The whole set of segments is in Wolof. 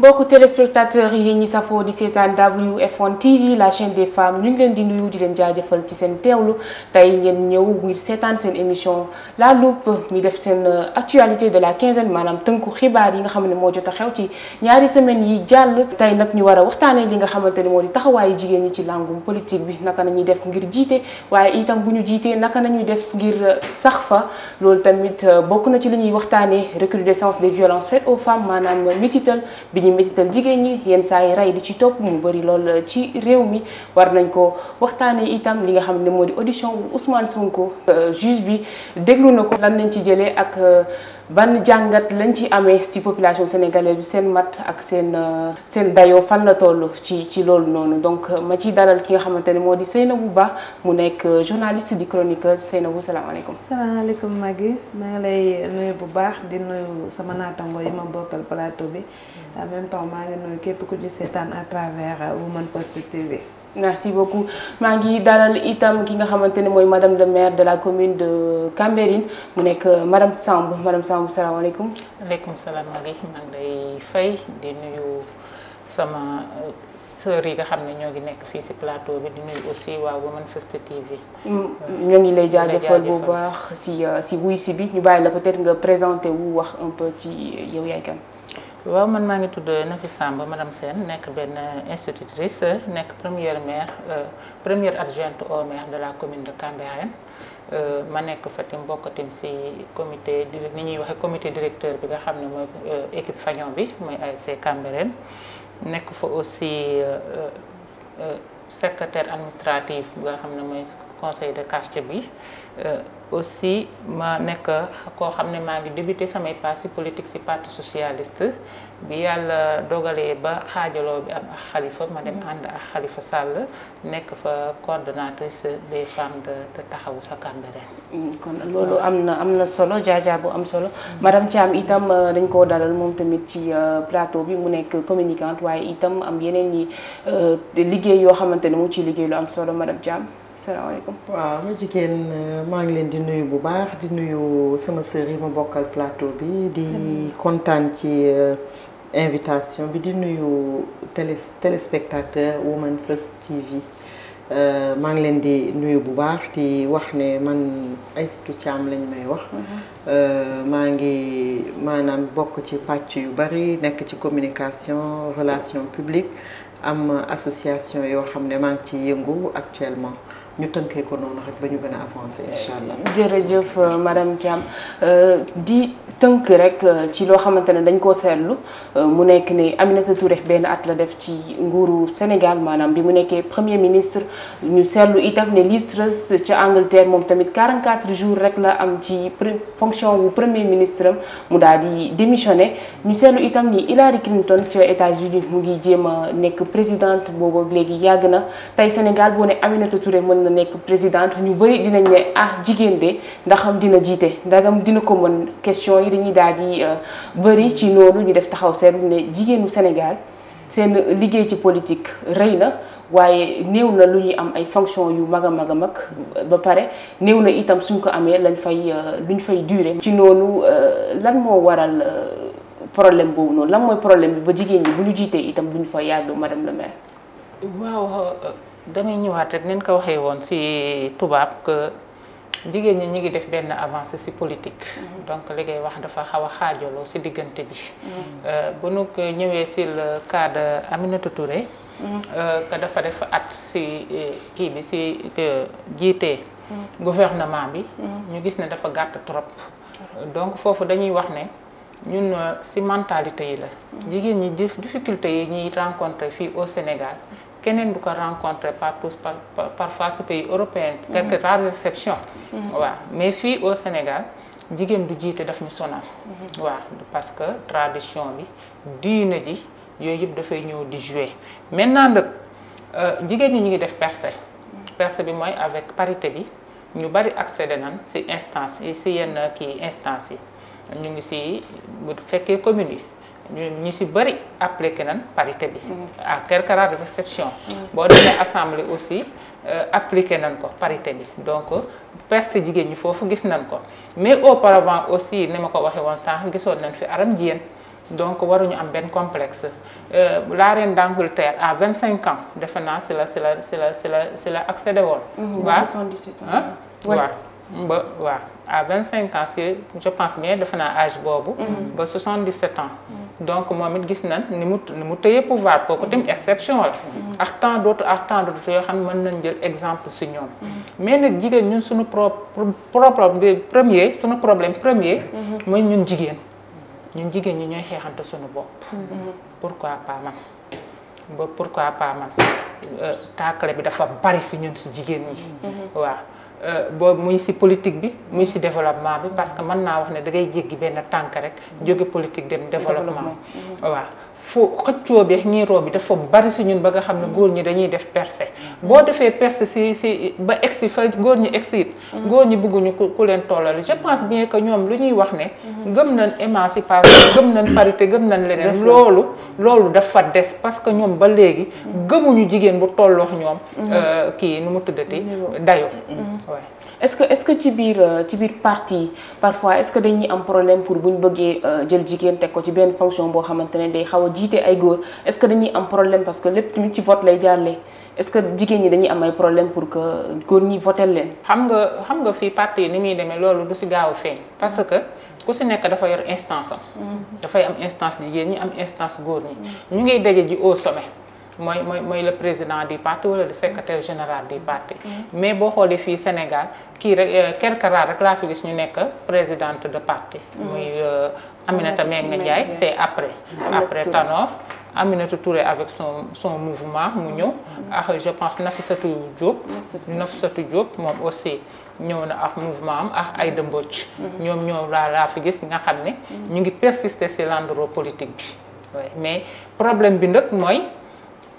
mbokk téléspectateurs yi ñi safoo di seetaan WF1 TV la chaîne des femmes ñu leen di nuyu di leen jaajëfal ci seen teewlu tey ngeen ñëw ngir seetaan seen émission la loupe mi def seen euh, actualité de la quinzaine maanaam tënku xibaar yi nga xam ne moo jot a ci ñaari semaines yi jàll tey nag ñu war a waxtaanee li nga xamante ne moo di taxawaayu jigéen ñi ci langum politique bi naka nañuy def ngir jiite waaye itam bu ñu jiitee naka nañu def ngir euh, sax fa loolu tamit euh, bokk na ci li ñuy waxtaanee recrudescence des violences faites aux femmes maanaam mitital bi di métital jigéen ñi yenn saa yi rey di ci topp mu bari lool ci réew mi war nañ ko waxtaanee itam li nga xam ne moo di audition bu Ousmane Sonko euh, juge bi déglu na ko lan lañ ci jëlee ak euh, ban jàngat lañ ci amee ci population sénégalaise bi seen mat ak seen euh, seen dayoo fan la toll ci ci loolu noonu donc ma ciy dalal ki nga xamante ne moo di bu baax mu nekk journaliste di chroniqueur Seynabou salaamaaleykum. salaamaaleykum Magui maa ngi lay nuyu bu baax di nuyu sama naatango yi bi. en même temps maa ngi nuyu képp ku ñu seetaan à travers euh, Women Post TV. merci beaucoup maa ngi dalal itam ki nga xamante ne mooy madame le maire de la commune de Cambérine mu nekk euh, madame Samb madame Samb salaamaaleykum. waaleykum salaam Maguette maa ngi lay fay di nuyu sama euh, sœurs yi nga xam ne ñoo ngi nekk fii ci plateau bi di nuyu aussi waa Women First TV. Mm, ñoo ngi lay jaajëfal bu baax ci ci wuy si bi ñu bàyyi la peut-être nga présenter wu wax un peu ci yow yaay kan. waaw man maa ngi tudd Nafi Samb madame seen nekk benn institutrice nekk première maire euh, première adjointe au maire de la commune de Cambérène euh, ma nekk fa tim bokkatim si comité di ni ñuy waxe comité directeur bi nga xam ne mooy euh, équipe fanion bi mooy ASC Cambérène nekk fa aussi secrétaire administratif bi nga xam ne mooy conseil de quartier bi aussi ma nekk koo xam ne maa ngi débuté samay pas ci politique ci parti socialiste bi yàlla dogalee ba xaajaloo bi ak xalifa ma dem ànd ak xalifa Sall nekk fa coordonnatrice des femmes de taxawu sa Cambérène. Mm, kon loolu am na am na solo jaajaa bu am solo. madame Thiam itam euh, dañ koo dalal moom tamit ci euh, plateau bi mu nekk communicante waaye itam am yeneen yi euh, liggéey yoo xamante ne mu ngi ciy liggéey lu am solo madame Thiam. salaamaaleykum. waaw ma jigéen euh, maa ngi leen di nuyu bu baax di nuyu sama sœur mu ma bokkal plateau bi di mm-hmm. kontaan ci euh, invitation bi di nuyu télé téléspectateur Women First TV euh, maa ngi leen di nuyu bu baax di wax ne man Aïssatou Thiam lañ may wax. Mm-hmm. maa ngi maanaam bokk ci pàcc yu bari nekk ci communication relation publique am association yoo xam ne maa ngi ciy yëngu actuellement. ñu tënkee ko noonu rek ba ñu gën a avancé incha allah. jërëjëf euh, madame Thiam euh, di tënk rek euh, ci loo xamante ne dañ koo seetlu mu nekk ni Aminata Touré benn at la def ci nguuru Sénégal maanaam bi mu nekkee premier ministre ñu seetlu itam ne Liz Truss moom tamit 44 jours rek la am ci fonction wu premier am mu daal di démissionné ñu seetlu itam ni Hillary Clinton ca États-Unis mu ngi jéem a nekk président boobu léegi yàgg na tey Sénégal boo ne Aminata Touré mën na nekk présidente ñu bëri dinañ ne ah jigéen de ndaxam dina jiite ndagam dina ko mën question yi dañuy daal di euh, bëri ci noonu ñu def taxaw seetlu ne jigéenu Sénégal seen liggéey ci politique rëy na waaye néew na lu ñuy am ay fonction yu mag a mag a mag ba pare néew na itam suñ ko amee lañ fay euh, luñ fay durer. ci noonu euh, lan moo waral problème boobu noonu lan mooy problème bi ba jigéen ñi bu ñu jiitee itam duñ fa yàgg madame le maire. damay ñëwaat rek nen ko waxee woon ci tubaab que jigéen ñi ñu ngi def benn avancée ci politique. Mm-hmm. donc li wax dafa xaw a xaajaloo ci diggante bi. Mm-hmm. Euh, bu nu ñëwee ci le cas de Aminata mm-hmm. euh, que dafa def at ci euh, kii bi ci jiite. gouvernement bi. ñu gis ne dafa gàtt trop. donc foofu dañuy wax ne. ñun ci mentalité yi la. jigéen ñi difficulté yi ñuy rencontrer fii au Sénégal. keneen du ko par partout par parfois ce pays européen. Mm-hmm. quelques rares exceptions. waaw mm-hmm. mais fii au Sénégal jigéen du jiite daf ñu sonal. waa mm-hmm. parce que tradition bi diine ji yooyu yëpp dafay ñëw di jouer maintenant nag euh, jigéen ñi ñu ngi def percée. percée bi mooy avec parité bi ñu bari accédé nan ci instance yi ci yenn kii instance yi ñu ngi ci bu fekkee commune yi. ñun ñi si bëri appliqué nañ parité bi. Mm-hmm. à quelques rares exceptions. Mm-hmm. boo demee assemblée aussi euh, appliqué nañ ko parité bi donc perte jigéen ñi foofu gis nañ ko mais auparavant aussi ni ma ko waxee woon sànq gisoon nañ fi aram jigéen donc waruñu am benn complexe euh, la reine d'Angleterre à 25 ans defe naa si la si la si la si la si la accédé woon. Mm-hmm. waaw 78 ans waaw à 25 ans si je pense bien defe naa âge boobu. Mm-hmm. ba 77 ans. donc moom it gis nañ ni mu ni mu tëye pouvoir kooku tamit mm-hmm. exception la. Mm-hmm. ak tant d'autres ak temps d'autres yoo xam ne mën nañ jël exemple si ñoom. mais nag jigéen ñun suñu pro problème premier suñu problème premier. mooy ñun jigéen. ñun jigéen ñi ñooy xeexante suñu bopp. pourquoi pas man ba pourquoi pas man. Euh, taakale bi dafa bari si ñun si jigéen ñi. waaw. Euh, boo muy si politique bi muy si développement bi parce que mën naa wax ne dangay ngay jéggi benn tànk rek jóge politique dem développement mm-hmm. waaw fu xëccoo bi ak ñiiroo bi dafa bari si ñun ba nga xam ne góor ñi dañuy def perse boo defee percé si si ba egsi fa góor ñi egsi it mm-hmm. góor ñi bëgguñu ku ku leen tollale je pense bien que ñoom lu ñuy wax ne mm-hmm. gëm nañ émancipation gëm nañ parité gëm nañ leneen loolu loolu dafa des parce que ñoom ba léegi mm-hmm. gëmuñu jigéen bu tolloox ñoom euh, kii nu mu tuddati dayo waaw est-ce que est-ce que ci biir euh, ci biir parti parfois est-ce que dañuy am problème pour bu ñu bëggee euh, jël jigéen teg ko ci benn fonction boo xamante ne day xaw a jiite ay góor est-ce que dañuy am problème parce que lépp tamit ci vote lay jaarlee est-ce que jigéen ñi dañuy am ay problème pour que góor ñi votel leen. xam nga xam nga fii parti ni muy demee loolu du si gaaw a feeñ parce que ku si nekk dafa yor instance am. Mm-hmm. dafay am instance jigéen ñi am instance góor ñu ngi daje ji au sommet. mooy mooy mooy le président du parti wala le secrétaire général du parti. Mm-hmm. mais boo xoolee fii Sénégal kii rek euh, quelque rek laa fi gis ñu nekk présidente de parti. Mm-hmm. muy euh, Aminata Mbengue Ndiaye c'est après. après Tanor. Aminata Touré avec son son mouvement mu ñëw. Mm-hmm. ak je pense Nafissatou Diop. Nafissatou Diop moom aussi ñëw na ak mouvement am ak Aïda Mbodj. ñoom ñoo laa laa fi gis nga xam ne. ñu ngi persister ci l'endroit politique bi. mais problème bi nag mooy.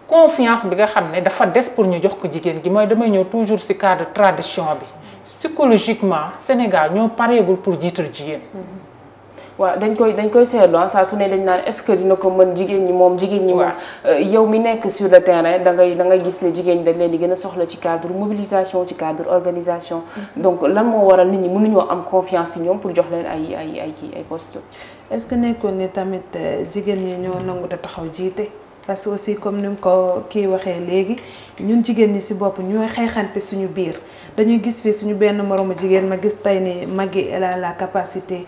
confiance bi nga xam ne dafa des pour ñu jox ko jigéen gi mooy damay ñëw toujours ci cadre tradition bi psychologiquement Sénégal ñoo pareegul pour jiital jigéen. waa dañ koy dañ koy seetlu ah, saa su ne dañ naan est-ce que dina ko mën jigéen ñi moom jigéen ñi moom euh, yow mi nekk sur le terrain da ngay da ngay gis ne jigéen ñi dañ leen di gën a soxla ci cadre mobilisation ci cadre organisation mm-hmm. donc lan moo waral nit ñi mënuñoo am confiance ci ñoom pour jox leen ay ay ay kii ay est-ce que nekkoon ni tamit euh, jigéen ñi ñoo nangu te taxaw jiite parce que aussi comme ni mu ko kii waxee léegi ñun jigéen ñi si bopp ñooy xeexante suñu biir dañuy gis fii suñu benn moroomu jigéen ma gis tey ni Maggy elle a la capacité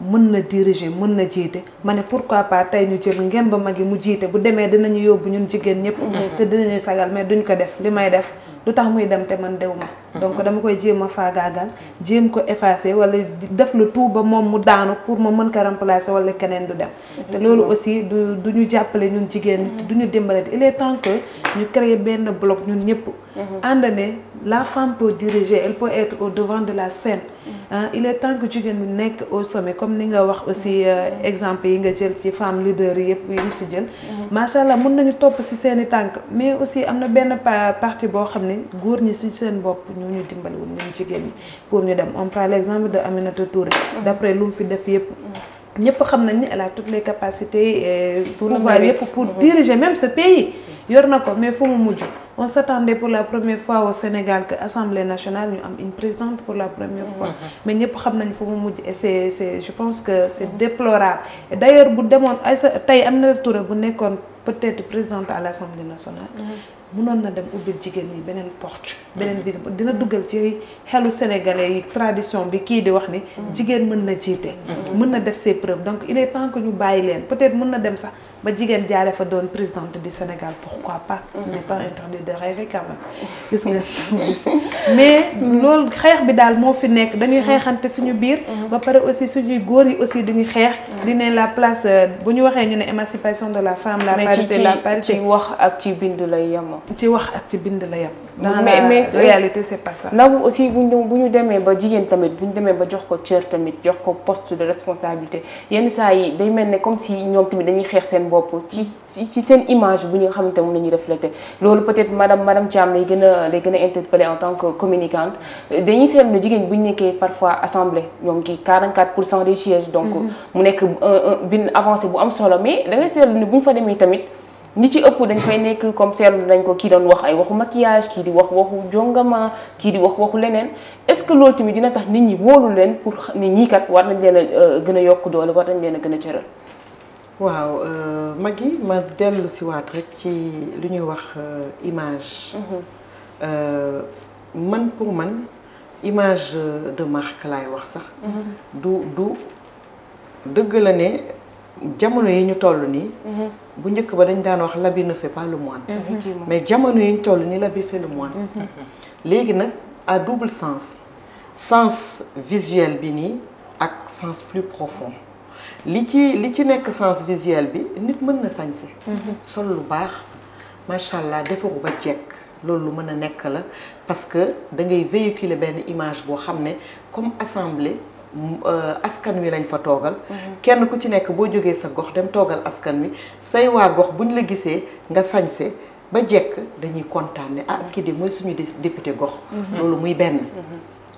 mën na diriger mën na jiite ma ne pourquoi pas tey ñu jël ngem ba mag yi mu jiite bu demee dinañu yóbbu ñun jigéen ñëpp mhm. te dinañu sagal mais duñ ko def li may def lu tax muy dem te man dew ma mhm. donc dama koy jéem a faagaagal jéem ko effacer wala def lu tout ba moom mu daanu pour ma mën ko remplacer wala keneen du dem te loolu aussi du du ñu jàppale ñun jigéen ñi mhm. du ñu dimbale il est temps ñu créer benn bloc ñun ñëpp ànd la femme peut diriger elle peut être au devant de la scène ah il est tànk jigéen bi nekk au sommet comme ni nga wax aussi mm. euh, exemple yi nga jël ci femme leader yëpp yi nga fi jël mm. macha allah mun nañu topp si seen i tànk mais aussi am na benn partie boo xam ne góor ñi si seen bopp ñoo ñu dimbaliwul ñun jigéen ñi pour ñu dem on prend l'exemple de Aminata Touré d'après lu mu fi def yëpp ñëpp xam nañ ni elle a toutes les capacités euh, pouvoir yëpp pour diriger même ce pays yor na ko mais fu mu mujj on s'attendait pour la première fois au Sénégal que assemblée nationale ñu am une présidente pour la première mm-hmm. fois mais ñëpp xam nañ fu mu mujj et c'est c'est je pense que c'est mm-hmm. déplorable et bu demoon ay sa tey am na Touré bu nekkoon peut-être présidente à l'Assemblée nationale mm-hmm. munoon na dem ubbil jigéen ñi beneen porte beneen vision mhm. dina dugal ci xelu sénégalais yi tradition bi kii di wax ni mhm. jigéen mën na jiite mhm. mën na def see preuves donc il est ñu bàyyi leen peut-être mun na dem sax ba jigéen jaare fa doon présidente du Sénégal pourquoi pas mm. il n'est pas interdit de rêver quand gis nga mais loolu xeex bi daal moo fi nekk dañuy mm. xeexante suñu biir mm. ba pare aussi suñuy góor yi di dañuy xeex di ne la place euh, bu ñu waxee ñu ne émancipation de la femme la parité la parité ci wax ak ci bind la yem ci wax ak ci bind la yam dans la réalité c'est pas ça ndax aussi bu ñu bu ñu demee ba jigéen tamit bu ñu demee ba jox ko cër tamit jox ko poste de responsabilité yenn saa yi day mel ne comme si ñoom dañuy xeex seen bopp ci ci seen image bu ñu nga xamante moom la ñuy reflété loolu peut-être madame madame Thiam lay gën a lay gën a interpellé en tant que communicante dañuy seetlu jigéen bu ñu nekkee parfois assemblée ñoom kii 44 pour cent des sièges donc mm-hmm. mu nekk euh, euh, bin avancé bu am solo mais da ngay seetlu bu ñu fa demee tamit ñi ci ëpp dañ fay nekk comme seetlu nañ ko kii doon wax ay waxu maquillage kii di wax waxu jongama kii di wax waxu leneen est-ce que loolu tamit dina tax nit ñi wóolu leen pour ni ñii kat war nañ leen a euh, gën a yokk doole war nañ leen a gën a cëral. waaw euh, mag yi ma dellu si waat rek ci lu ñuy wax euh, image mhm. euh, man pour man image de marque laay wax sax mhm. du du dëgg la ne jamono yi ñu toll nii mhm. bu njëkk ba dañ daan wax l'habit ne fait pas le moine mais jamono yi ñu toll nii l'habit fait le moine léegi nag à double sens sens visuel bi nii ak sens plus profond li ci li ci nekk sens visuel bi nit mën na sañse mhm. sol lu baax macha allah defaru ba jekk loolu lu mën a nekk la parce que da ngay véhiculer benn image boo xam ne comme assemblée euh, askan wi lañ fa toogal mhm. kenn ku ci nekk boo jógee sa gox dem toogal askan wi say waa gox buñ la gisee nga sañse ba jekk dañuy kontaan ne ah kii di mooy suñu député gox mhm. loolu muy benn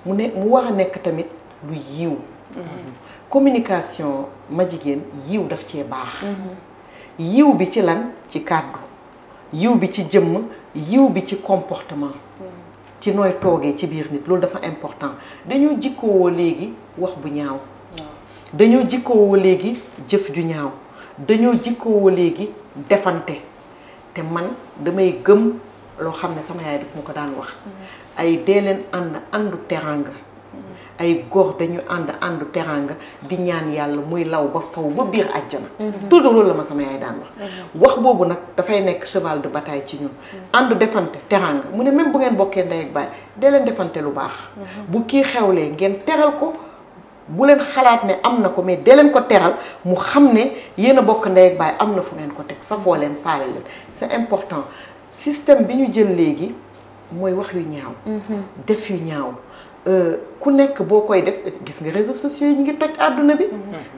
mu ne mu war a nekk tamit lu yiw communication ma jigéen yiw daf cee baax yiw bi ci lan ci kàddu yiw bi ci jëmm yiw bi ci comportement ci nooy toogee ci biir nit loolu dafa important dañoo jikkoowoo léegi wax bu ñaaw dañoo jikkoowoo léegi jëf ju ñaaw dañoo jikkoowoo léegi defante te man damay gëm loo xam ne sama yaay daf ma ko daan wax mm-hmm. ay dee leen ànd àndu teranga ay góor dañu ànd àndu teranga di ñaan yàlla muy law ba faw ba biir àjjana mhm. toujours loolu la ma sama yaay daan wax mhm. wax boobu nag dafay nekk cheval de bataille ci ñun mhm. ànd defante teranga mu ne même bu ngeen bokkee ndey ak baay dee leen defante lu baax bu kii xewlee ngeen teral ko bu leen xalaat ne am na ko mais dee leen ko teral mu xam ne yéen a bokk ndey ak baay am na fu ngeen ko teg safoo leen faale leen c'est important système bi ñu jël léegi mooy wax yu Euh, ku nekk boo koy def gis nga réseaux sociaux yi ñu ngi toj àdduna bi.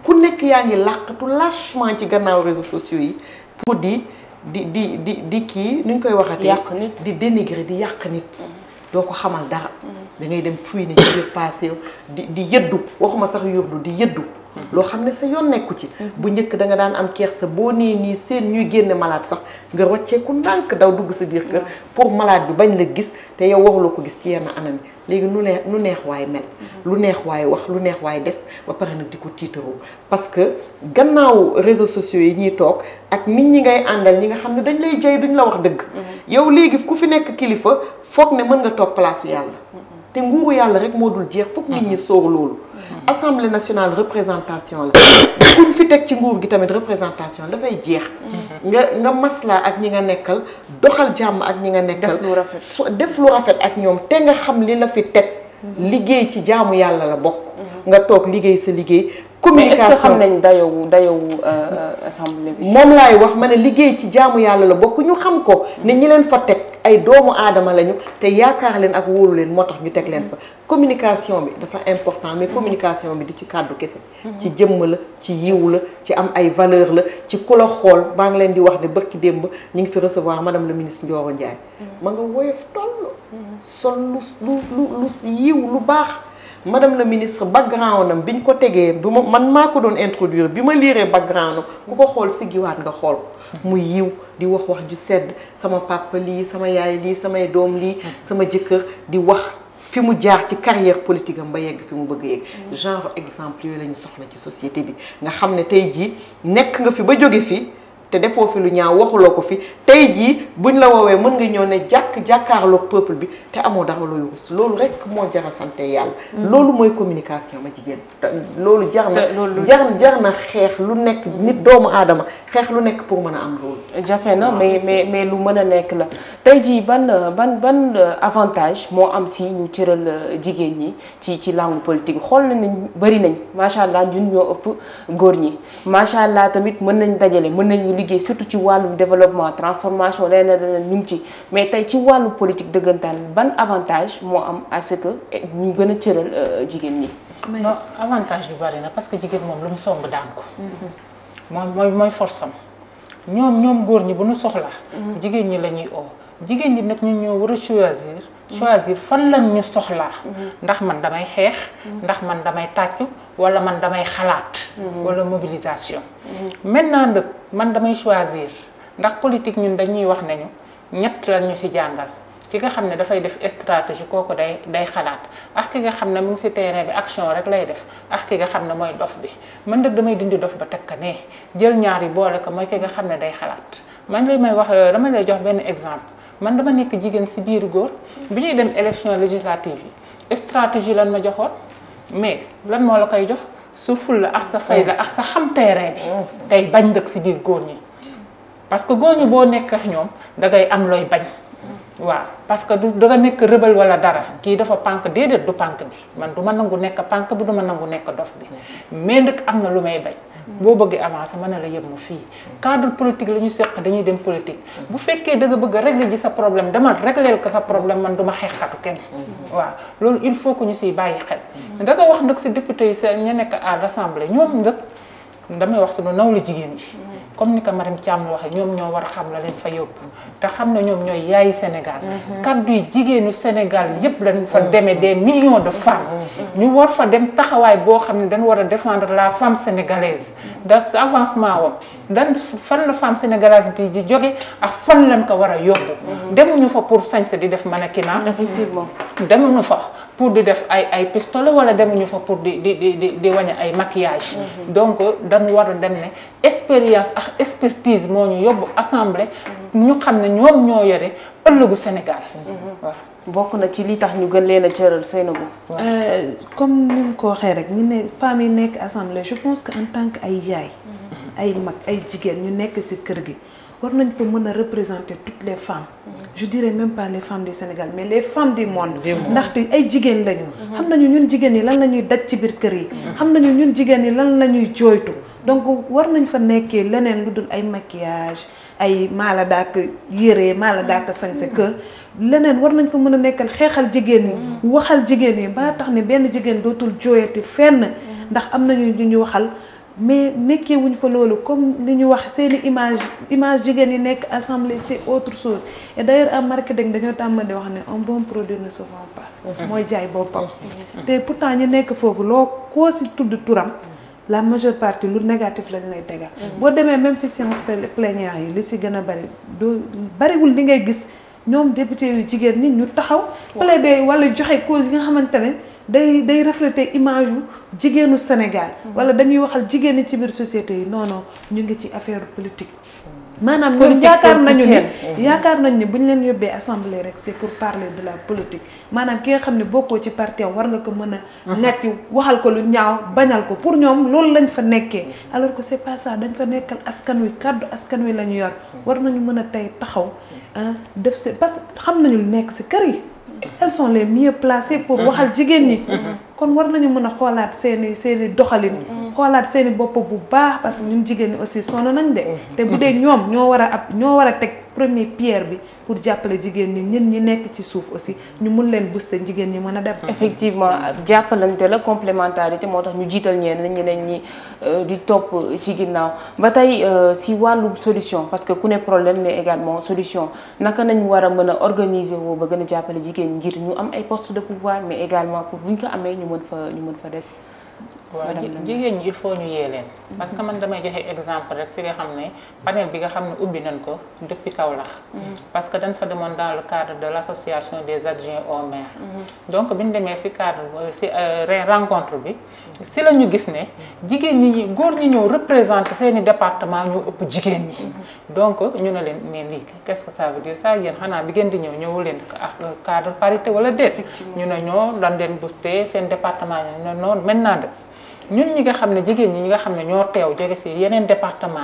ku nekk yaa ngi làqatu lâchement ci gannaaw réseaux sociaux yi pour di di di di kii nu ñu koy waxatee. yàq nit di dénigrer di yàq nit. Mm. doo ko xamal dara. Mm. da ngay dem fuy ne ci di yëddu waxuma sax yóbbu di yëddu. loo xam ne sa yoon nekku ci bu njëkk da nga daan am sa boo nii nii seen ñuy génne malaat sax nga rocceeku ndànk daw dugg sa biir kër pour malade bi bañ la gis te yow waruloo ko gis ci yenn anam yi léegi nu neex nu neex waaye mel mhm. lu neex waay wax lu neex waaye def ba pare nag di ko tiitaroo parce que gannaaw réseaux sociaux yi ñuy toog ak nit ñi ngay àndal ñi nga xam ne dañ lay joy duñ la wax dëgg mhm. yow léegi ku fi nekk kilifa foog ne mën nga toog place yàlla mhm. te nguuru yàlla rek moo dul jeex fokk nit ñi mm-hmm. sóor loolu mm-hmm. assemblée nationale représentation la kuñ fi teg ci nguur gi tamit représentation dafay jeex mm-hmm. nga nga maslaa ak ñi nga nekkal doxal jàmm ak ñi nga nekkal def lu rafet ak ñoom te nga xam li la fi teg liggéey ci jaamu yàlla la bokk nga toog liggéey sa liggéey communication xam nañ dayowu dayowu euh, euh, assemblée bi moom laay wax ma ne liggéey ci jaamu yàlla la bokk ñu xam ko ne ñi leen fa teg ay doomu aadama lañu te yaakaar leen ak wóolu leen moo tax ñu teg leen fa communication bi dafa important mais communication bi di ci kàddu kese. ci jëmm la ci yiw la ci am ay valeur la ci ku la xool maa ngi leen di wax ne bërki démb ñu ngi fi recevoir madame la ministre Ndioro Ndiaye. ma nga woyof toll. sol lu lu lu yiw lu baax. madame la ministre background am bi ñu ko tegee bu ma man maa ko doon introduire bi ma liiree background am ku ko xool siggiwaat nga xool mu yiw di wax wax ju sedd sama papa lii sama yaay lii samay doom lii sama jëkkër di wax fi mu jaar ci carrière politique am ba yegg fi mu bëgg yegg genre exemple yooyu la ñu soxla ci société bi nga xam ne tey jii nekk nga fi ba jóge fi te defoo fi lu ñaaw ko fi tey jii buñ la woowee mën nga ñëw ne jàkk jàkkaarloog peuple bi te amoo dara looy loolu rek moo jara sante yàlla. Mm. loolu mooy communication ma jigéen. loolu jar na jar jar na xeex lu nekk nit doomu aadama xeex lu nekk pour mën a am loolu. jafe na mais mais mais lu mën a nekk la tey jii ban ban ban euh, avantage moo am si ñu cëral euh, jigéen ñi ci ci langue politique xool nañ bëri nañ macha allah ñun ñoo ëpp góor ñi macha tamit mën nañ dajale mën nañu surtout ci wàllu développement transformation leneen na leneen ñu ngi ci mais tey ci wàllu politique dëggantaan ban avantage moo am à ce que eh, ñu gën a cëral euh, jigéen ñi. non avantage yu bari na parce que jigéen moom lu mu somb daan ko. Mm-hmm. moom mooy mooy force am ñoom ñoom góor ñi bu ñu soxla mm-hmm. jigéen ñi la ñuy oo jigéen ñi nag ñu ñoo war a choisir choisir fan lañ ñu soxlaa mm-hmm. ndax man damay xeex mm-hmm. ndax man damay tàccu wala man damay xalaat mm-hmm. wala mobilisation maintenant nag man damay choisir ndax politique ñun dañuy wax nañu ñett la ñu ci jàngal ki nga xam ne dafay def stratégie kooku day day xalaat ak ki nga xam ne mu ngi ci terrain bi action rek lay def ak ki nga xam ne mooy dof bi man nag damay dindi dof ba takk nee jël ñaar yi boole ko mooy ki nga xam ne day xalaat man li may wax dama lay jox benn exemple man dama nekk jigéen si biir góor bi ñuy dem élection législative yi stratégie lan ma joxoon mais lan moo la koy jox sa la ak sa fayda ak sa xam terrain bi mm. tey bañ dëkk si biir góor ñi parce que góor ñi boo nekk ak ñoom da ngay am looy bañ waaw parce que du danga nekk rebelle wala dara kii dafa pànk déedéet du pànk bi man du ma nangu nekk pànk bi du ma nangu nekk dof bi mais nag am na lu may bañ. boo bëggee avancer mën na la yem mu fii cadre politique la ñu seq dañuy dem politique. bu fekkee da bëgg a régler ji sa problème dama régleel ko sa problème man du ma xeexkatu kenn. waaw loolu il faut que ñu siy bàyyi xel. danga wax nag si député yi sa ña nekk à l'assemblée ñoom nag damay wax sunu naw la jigéen yi comme ni ko madame Thiam waxee ñoom ñoo war a xam la leen fa yóbbu te xam na ñoom ñooy yaay Sénégal mhm. kaddu yi jigéenu Sénégal yëpp lañ fa mhm. demee de millions de femmes mhm. ñu war fa dem taxawaay boo xam ne dañ war a défendre la femme sénégalaise da avancement wam dan fan la femme sénégalaise bi di joge ak fan lañ ko war a yóbbu demuñu fa pour sañse di def a mannequinat effectivement demuñu fa pour di def ay ay pistolet wala demuñu fa pour di di di di wañe ay maquillage mhm. donc dañu war a dem ne expérience ak expertise moo ñu yóbbu assemblée mhm. ñu xam ne ñoom ñoo yore ëllëgu Sénégal mhm. waaw bokk na ci li tax ñu gën leen a cëral Seynabou euh, comme ni nga ko waxee rek ñu ne femmes yi nekk assemblée je pense que en tant que ay yaay ay mag ay jigéen ñu nekk ci kër gi war nañ fa mën a représenter toutes les femmes mm-hmm. je dirais même pas les femmes du Sénégal mais les femmes du monde ndaxte ay jigéen lañu mm-hmm. xam nañu ñun jigéen yi lan la ñuy daj ci biir kër yi mm-hmm. xam nañu ñun jigéen yi lan la ñuy jooytu donc war nañ fa nekkee leneen lu dul ay maquillage ay maala daak yére maala daak sañse que leneen war nañ fa mën a nekkal xeexal jigéen yi waxal jigéen yi baa tax ne benn jigéen dootul jooyati fenn ndax am nañu ñu ñu waxal mais nekkee wuñ fa loolu comme li ñu wax seeni image image jigéen yi nekk assemblée c'est autre chose et d'ailleurs en marketing dañoo tàmmali wax ne un bon produit ne se vend pas mhm. mooy jaay boppam mhm. te pourtant ñu nekk foofu loo koo si tudd turam la major partie lu négatif lañ lay tegal mhm. boo demee même si séance plénière yi li si gën a bari doo bariwul li ngay gis ñoom député yu jigéen ñi ñu taxaw plaider wala joxe cause yi nga xamante ne day day refléter image yu jigéenu Sénégal. wala dañuy waxal jigéen ñi ci biir société yi non ñu ngi ci affaire politique. maanaam ñoom yaakaar nañu ne yaakaar nañu ne bu ñu leen yóbbee assemblée rek c'est pour parler de la politique maanaam ki nga xam ne bokkoo ci parti am war nga ko mën a mhm. netti waxal ko lu ñaaw bañal pour ñoom loolu lañ fa nekkee mhm. alors que c'est ça dañ fa nekkal askan wi kàddu askan wi la ñu yor mhm. war nañu mën a tey taxaw ah def si parce que xam nañu lu nekk si kër yi elles sont les mieux placées pour mhm. waxal jigéen ñi mhm. Mhm. kon war nañu mën a xoolaat seeni seeni doxalin xoolaat seeni bopp bu baax parce que ñun jigéen ñi aussi sonn nañ de te bu dee ñoom ñoo war a ab ñoo war a teg première pierre bi pour jàppale jigéen ñi ñun ñi nekk ci suuf aussi ñu mun leen bus booster jigéen ñi mën a dem. effectivement jàppalante la complémentarité moo tax ñu jiital ñeen ñeneen ñi euh, di topp ci ginnaaw ba tey euh, si wàllu solution parce que ku ne problème ne également solution naka nañ war a mën a organiser woo ba gën a jàppale jigéen ngir ñu am ay post de pouvoir mais également pour ñu ko amee ñu mën fa ñu mën fa des. jigéen ñi il faut ñu yee leen mm-hmm. parce que man damay joxe exemple rek si nga xam ne panel bi nga xam ne ubbi nañ ko depuis Kaolack mm-hmm. parce que dañ fa demoon dans le cadre de l' association des adjoints au maire mm-hmm. donc bi ñu demee si cadre euh, si euh, rencontre bi si la ñu gis ne jigéen ñi góor ñi ñëw représenté seeni département ñu ëpp jigéen ñi donc ñu ne leen mais lii qu'est-ce que ça veut dire ça xanaa bi ngeen di ñëw ñëwu leen ah, euh, cadre parité wala déet ñu ne ñoo dañ leen boosté seen département ñu ne noonu maintenant ñun ñi nga xam ne jigéen ñi nga xam ne ñoo teew jege si yeneen département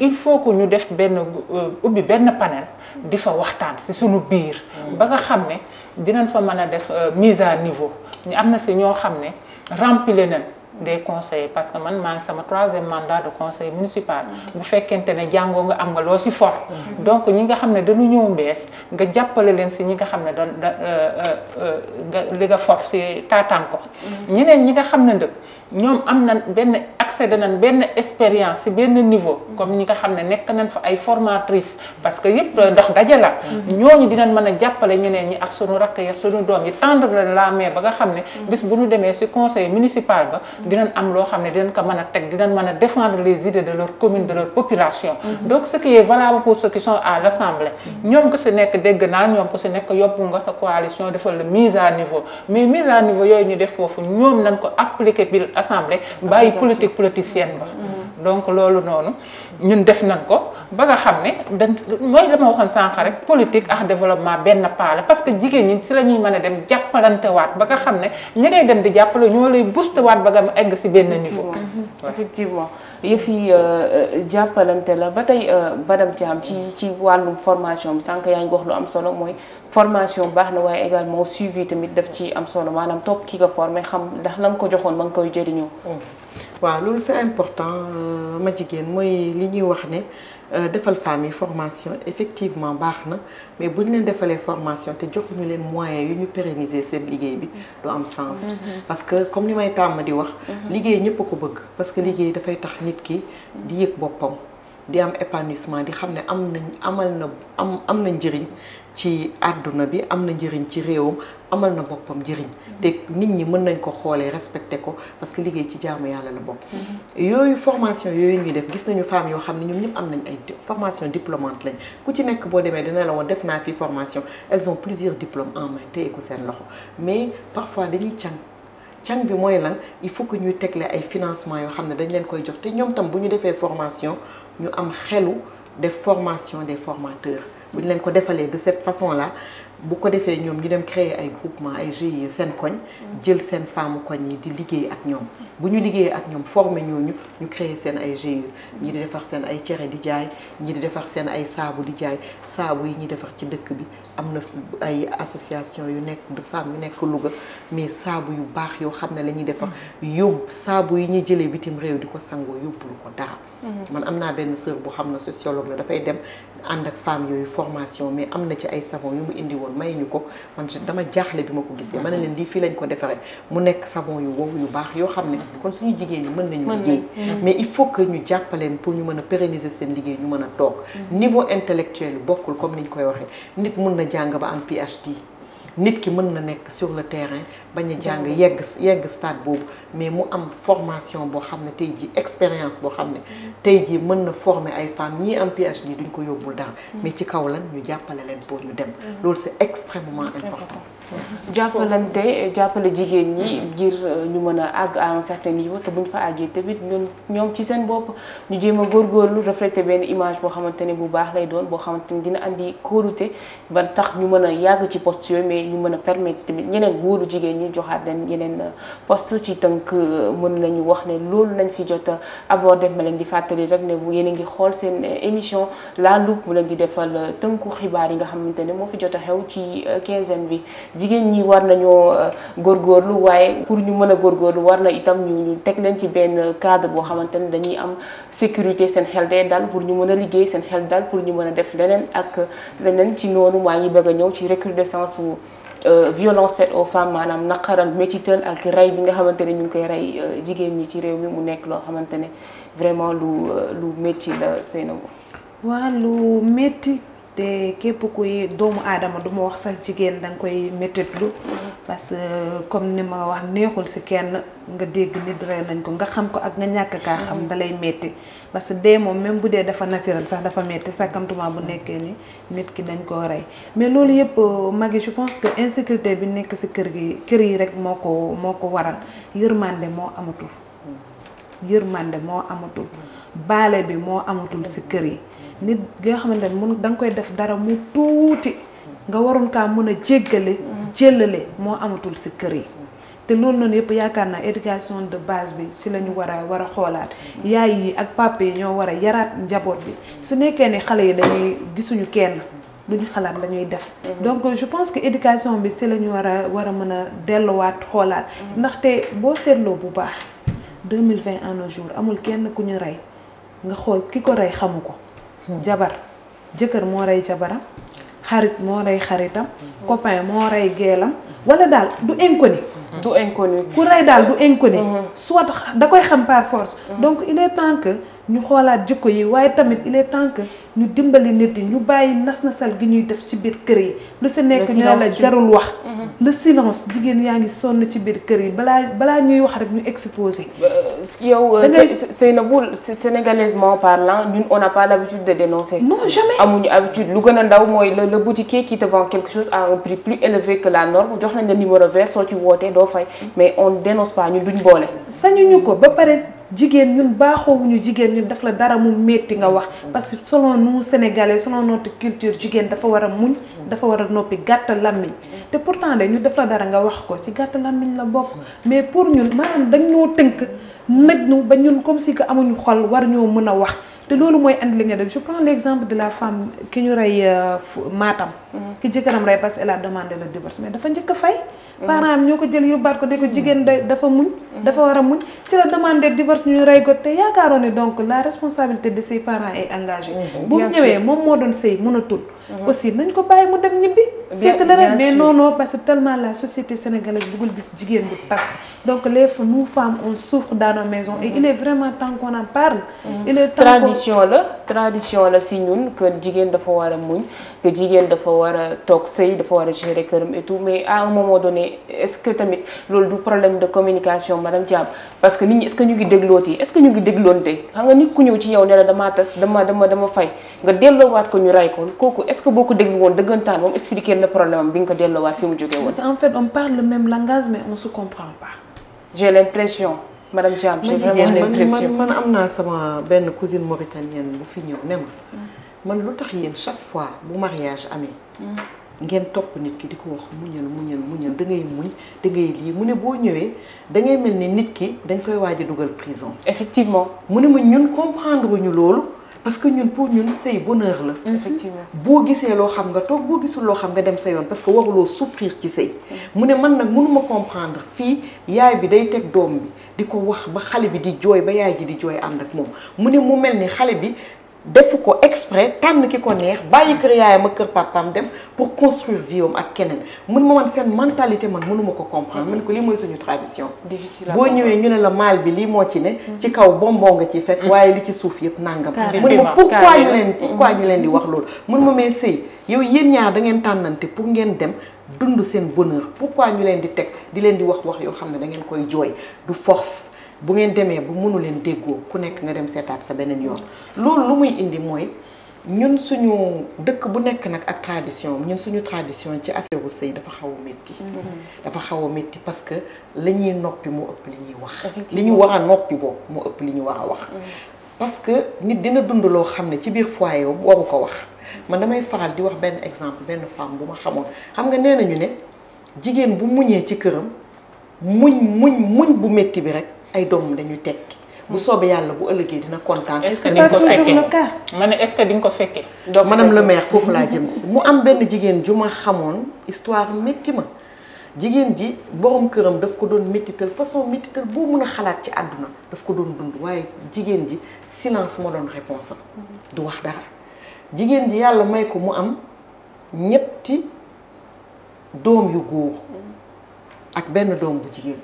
il faut que ñu def benn euh, ubbi benn panel di fa waxtaan si suñu biir mm. ba nga xam ne dinañ fa mën a def euh, mise à niveau ñu am na si ñoo xam ne remplir nañ des conseillers parce que man maa ngi sama troisième mandat de conseil municipal mm. bu fekkente ne jàngoo nga am nga loo si for mm. donc ñi nga xam ne dañu ñëw mbees nga jàppale leen si ñi nga xam ne da da euh, nga li nga for si taataan ko ñeneen nga xam ne ñoom am na benn accédé nañ benn expérience si benn niveau comme ñi nga xam ne nekk nañ fa ay formatrice parce que yëpp dox daje la mm-hmm. ñooñu dinañ mën a jàppale ñeneen ñi ak suñu rakk yi suñu doom yi tendre leen la main ba nga xam ne mm-hmm. bis bu ñu demee si conseil municipal ba mm-hmm. dinañ am loo xam ne dinañ ko mën a teg dinañ mën a défendre les idées de leur commune de leur population donc ce qui est valable pour ceux qui sont à l'assemblée ñoom ku si nekk dégg naa ñoom ñu def foofu assemblée bàyyi politique politicienne ba mm. donc loolu noonu ñun def nañ ko ba nga xam ne dañ mooy dama waxoon sànq rek politique ak développement benn paala parce que jigéen ñi si la ñuy mën a dem jàppalante waat ba nga xam ne ña ngay dem di jàppale ñoo lay boostewaat ba nga egg si benn niveau. effectivement mhm. yëf yi euh, euh, jàppalante la ba tey Badam euh, Thiam ci ci wàllum formation bi sànq yaa ngi wax lu am solo mooy formation baax na waaye également suivi tamit daf ci am solo maanaam topp ki nga formé xam ndax la nga ko joxoon ma nga koy jëriñoo. Mm. waaw loolu c'est important euh, ma jigéen mooy li ñuy wax ne euh, defal femmes yi formation effectivement baax na mais bu ñu leen defalee formation te joxuñu leen moyens yu ñu pérenniser seen liggéey bi du am sens. Mm-hmm. parce que comme li may tàmm di wax. Mm-hmm. liggéey ñëpp a ko bëgg parce que liggéey dafay tax nit ki di yëg boppam di am épanouissement di xam ne am nañ amal na am am na njëriñ ci àdduna bi am na njëriñ ci réewam amal na boppam njëriñ. te nit ñi mën nañ ko xoolee respecté ko parce que liggéey ci jaamu yàlla la bokk. Mhm. yooyu formation yooyu ñuy def gis nañu femmes yoo xam ne ñoom ñëpp am nañ ay formation diplômante lañ ku ci nekk boo demee dina la woon def naa fii formation elles ont plusieurs diplômes en main téye ko seen loxo mais parfois dañuy can can bi mooy lan il faut que ñuy tegle ay financement yoo xam ne dañ leen koy jox te ñoom tam bu ñu defee formation ñu am xelu. def formation des formateurs bu ñu leen ko defalee de cette façon là bu ko defee ñoom ñu dem créer ay groupement ay GIE seen koñ jël seen femme koñ yi di liggéey ak ñoom bu ñu liggéeyee ak ñoom formé ñooñu ñu créer seen ay GIE ñi di defar seen ay cere di jaay ñi di defar seen ay saabu di jaay saabu yi ñuy defar ci dëkk bi am na ay association yu nekk de femmes yu nekk Louga mais saabu yu baax yoo xam ne lañuy defar yóbbu saabu yi ñuy jëlee bitim réew di ko sangoo yóbbulu ko dara Mhm. man am naa benn sœur bu xam na sociologue la dafay dem ànd ak femmes yooyu formation mais am na ci ay savon yu mu indi woon may ñu ko man dama jaaxle bi ma ko gisee. ma ne leen lii fii lañ ko defaree mu nekk savon yu wow yu baax yoo xam ne. Mhm. kon suñu jigéen ñi mën nañu liggéey. Mhm. mais il faut que ñu jàppaleen pour ñu mën a pérenniser seen liggéey ñu mën a toog. niveau intellectuel bokkul comme ñu koy waxee nit mun na jàng ba am PhD. nit ki mën na nekk sur le terrain bañ a jàng yegg yegg stade boobu mais mu am formation boo xam ne tey jii expérience boo xam ne tey jii mën na former ay femmes ñii am PhD duñ ko yóbbul dara mm. mais ci kaw lan ñu jàppale leen pour ñu dem mm. loolu c'est extrêmement important jàppalante jàppale jigéen ñi mm-hmm. ngir euh, ñu mën a àgg en un certain niveau te buñ fa àggee tamit ñun ñoom ci seen bopp ñu jéem a góorgóorlu refléter benn image boo xamante ne bu baax lay doon boo xamante ni dina andi kóolute ba tax ñu mën a yàgg ci poste yooyu mais ñu mën a permettre tamit ñeneen góoru jigéen ñi joxaat leen yeneen euh, poste ci tënk euh, mën nañu wax ne loolu nañ fi jot abordé ma leen di fàttali rek ne bu yéen a ngi xool seen émission La Loupe mu leen di defal tënku xibaar yi nga xamante ne moo fi jot a xew ci quinzaine bi jigéen ñi war nañoo euh, góorgóorlu waaye pour ñu mën a góorgóorlu war na itam ñu teg leen ci benn cadre boo xamante ne dañuy am sécurité seen xel day dal pour ñu mën a liggéey seen xel dal pour ñu mën a def leneen ak leneen ci noonu maa ngi bëgg a ñëw ci recrudescence wu euh, violence faite aux femmes maanaam naqaral métital ak rey bi nga xamante ne ñu ngi koy rey euh, jigéen ñi ci réew mi mu nekk loo xamante ne vraiment lu lu métti la Seynabou. waa lu métti. te képp kuy doomu aadama du ma wax sax jigéen danga koy métitlu parce que comme ni ma wax neexul si kenn nga dégg nit rey nañ ko nga xam ko ak nga ñàkk kaa xam mm-hmm. dalay metti parce que dee moom même bu dee dafa naturel sax dafa metti sàkkamtuma bu nekkee ni nit ki dañ koo rey mais loolu yëpp euh, magi je pense que insécurité bi nekk si kër gi kër yi rek moo ko moo ko waral yërmande moo amatul mm-hmm. yërmande moo amatul baale bi moo amatul si kër yi nit nga xamante ne mun da nga koy def dara mu tuuti nga waroon kaa mën a jéggale jëlale moo amatul si kër yi te loolu noonu yëpp yaakaar naa éducation de base bi si la ñu war a war a xoolaat yaay yi ak papa yi ñoo war a yaraat njaboot bi su nekkee ne xale yi dañuy gisuñu kenn lu xalaat la def donc je pense que éducation bi si la ñu war a war a mën a delluwaat xoolaat ndaxte boo seetloo bu baax 2020 à nos jours amul kenn ku ñu rey nga xool ki ko rey xamu ko jabar jëkkër moo rey jabaram xarit moo rey xaritam copain moo rey geelam wala daal du inconnu du inconnu ku rey daal du inconnu mm-hmm. soit da koy xam par force mm-hmm. donc il est ñu xoolaat jikko yi waaye tamit il est ñu dimbali nit yi ñu bàyyi nas-nasal gi ñuy def ci biir kër yi. lu si nekk ñu ne la jarul wax. Mm-hmm. le silence jigéen yaa ngi sonn ci biir kër yi balaa balaa ñuy wax rek ñu exposé. Euh, yow euh, Seynabou sénégalaisement parlant ñun on n'a pas l'habitude de dénoncer. non jamais amuñu habitude lu gën a ndaw mooy le le boutiquier qui te vend quelque chose à un prix plus élevé que la norme jox nañ la numéro vert soo ci wootee doo fay mm-hmm. mais on dénonce pas ñun duñ boole. sañuñu ko ba pare jigéen ñu baaxoowuñu jigéen ñun daf la dara mu metti nga wax mm-hmm. parce que nous sénégalais selon notre culture jigéen dafa war a muñ dafa war a noppi gàtt làmmiñ te pourtant de ñu def la dara nga wax ko ci gàtt làmmiñ la bokk mais pour ñun maanaam dañ ñoo tënk nag ñu ba ñun comme si que amuñu xol war ñoo mën a wax te loolu mooy indi li nga def je prends l'exemple de la femme ki ñu rey euh, Matam mm. ki jëkkëram rey parce qu'elle a demandé le divorce mais dafa njëkk a fay Mm-hmm. parents am ñoo ko jël yóbbaat ko ne ko jigéen dafa muñ mm-hmm. dafa war a muñ ci la demandé divorce ñu rey ko te yaakaaroon ne donc la responsabilité de ses parents est engagée mm-hmm. bu mu ñëwee moom moo doon sëy mënatul aussi nañ ko bàyyi mu dem ñibbi seeta la rek mais parce que tellement la société sénégalaise bëggul gis jigéen bu tas donc les nous femmes on souffre dans nos maisons et il est vraiment temps qu'on en parle la tradition la si ñun jigéen dafa war a muñ jigéen dafa war a toog sëy dafa war a gérer kër et tout mais à un moment mais est-ce que tamit loolu du problème de communication madame Thiam parce que nit ñi est-ce que ñu ngi déglooti est-ce que ñu ngi dégloonte xam nga nit ku ñëw ci yow ne damaa tas dama dama fay nga delloowaat ko ñu ray ko kooku est-ce que boo ko déglu woon dëggantaan moom expliquer na problème bi nga ko delloowaat fi mu jógee woon. en fait on parle le même on se comprend pas. j'ai l'impression man am naa sama benn cousine mauritanienne bu fi ñëw ne ma man ngeen topp nit ki di ko wax muñal muñal muñal da ngay muñ da ngay lii mu ne boo ñëwee dangay mel ni nit ki dañ koy waaja a dugal prison. effectivement mu ne ma ñun comprendre ñu loolu parce que ñun pour ñun sëy bonheur la. Mm-hmm. effectivement boo gisee loo xam nga toog boo gisul loo xam nga dem sa yoon parce que waruloo souffrir ci sëy. Mm-hmm. mu ne man nag mënuma comprendre fii yaay bi day teg doom bi di ko wax ba xale bi di jooy ba yaay ji di jooy ànd ak moom mu ne mu mel ni xale bi. def ko exprès tànn ki ko neex bàyyi kër yaayam a kër papaam dem pour construire vie ak keneen mun ma wan seen mentalité man mënuma ko comprendre man ko lii mooy suñu tradition. boo ñëwee ñu ne la maal bi lii moo ci ne. Mm. ci kaw bonbon nga ci fekk. Mm. waaye li ci suuf yëpp nangam. mun ma pourquoi ñu leen pourquoi ñu leen di mm. wax loolu. mun ma may sëy yow yéen ñaar da ngeen tànnante pour ngeen dem dund seen bonheur pourquoi ñu leen di teg di leen di wax wax yoo xam ne da ngeen koy jooy du force. bu ngeen demee bu mënu leen déggoo ku nekk nga dem seetaat sa beneen yoon loolu lu muy indi mooy ñun suñu dëkk bu nekk nag ak tradition ñun suñu tradition ci affaire wu sëy dafa xaw a métti mm-hmm. dafa xaw a métti parce que li ñuy noppi moo ëpp li ñuy wax li ñu war noppi boobu moo ëpp li ñu wax a wax mm-hmm. parce que nit dina dund loo xam ne ci biir foyer am waru ko wax man damay faral di wax benn exemple benn femme bu ma xamoon xam nga nee nañu ne jigéen bu muñee ci këram muñ muñ muñ bu métti bi rek ay doomam dañuy tekki bu soobee yàlla bu ëllëgee dina kontaan. est-ce que di nga ko fekkee ma ne est-ce que di ko fekkee. donc madame le maire foofu laa jëm si mu am benn jigéen ju ma xamoon histoire métti ma jigéen ji boroom këram daf ko doon méttital façon méttital boo mun a xalaat ci àdduna daf ko doon dund waaye jigéen ji silence ma doon réponse am mm-hmm. du wax dara jigéen ji yàlla may ko mu am ñetti doom yu góor mm-hmm. ak benn doom bu jigéen.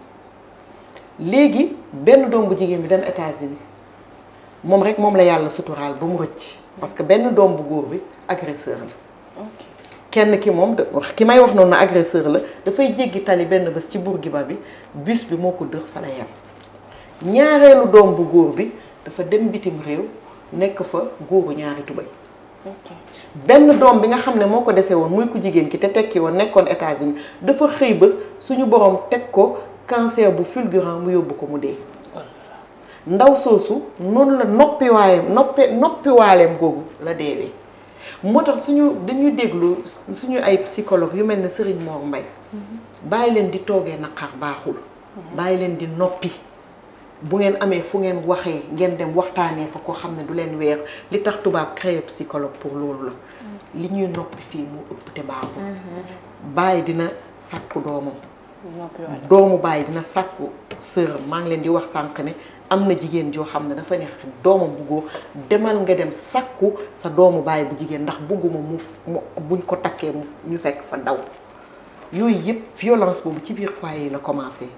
léegi benn doom bu jigéen bi dem États-Unis moom rek moom la yàlla suturaal ba mu rëcc parce que benn doom bu góor bi agresseur la. kenn ki moom ki may wax noonu na agresseur la dafay jéggi tali benn bés ci buur Bourguiba bi bus bi moo ko dër fa la yem. ñaareelu doom bu góor bi dafa dem bitim réew nekk fa góoru ñaari tubay. benn doom bi nga xam ne moo ko dese woon muy ko jigéen ki te tekki woon nekkoon États-Unis dafa xëy bés suñu borom teg ko cancer bu fulgurant mu yóbbu ko mu dee ndaw soosu noonu la noppiwaayam noppe noppiwaaleem googu la deewee moo tax suñu dañuy déglu suñu ay psychologue yu mel ne Serigne Mor mbay bàyyi leen di toogee naqar baaxul bàyyi leen di noppi bu ngeen amee fu ngeen waxee ngeen dem waxtaanee fa ko xam ne du leen weer li tax tubaab créé psychologue pour loolu la li ñuy noppi fii mu ëpp te baaxul mm-hmm. bàyyi dina sàkku doomam doomu bàyyi dina sàkku sëram maa ngi leen di wax sànq ne am na jigéen joo xam ne dafa ne doomam bu demal nga dem sàkku sa doomu bàyyi bu jigéen ndax bëgguma mu buñ ko takkee mu ñu fekk fa ndaw yooyu yëpp violence boobu ci biir foyer yi la commencé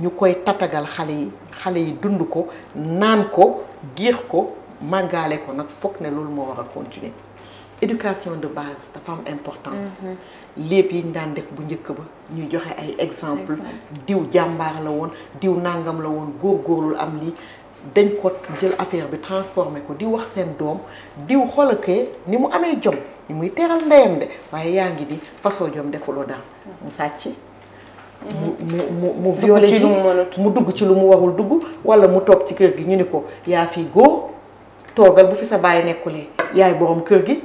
ñu koy tatagal xale yi xale yi dund ko naan ko géex ko màggaale ko nag foog ne loolu moo war a continuer éducation de base dafa am importance mm-hmm. léeb yi ñu daan def bu njëkk ba ñuy joxe ay exemple diw jàmbaar la woon diw nàngam la woon góorgóorlul am lii dañ ko jël affaire bi transformé ko di wax seen doom diw xolakee ni mu amee jom ni muy teral ndeyam de waaye yaa ngi di façon jom defuloo dara mu sàcc mu mhm. mu mu violé mu dugg ci lu mu warul dugg wala mu toog ci kër gi ñu ni ko yaa fi góor toogal bu fi sa bàyyi nekkulee yaay boroom kër gi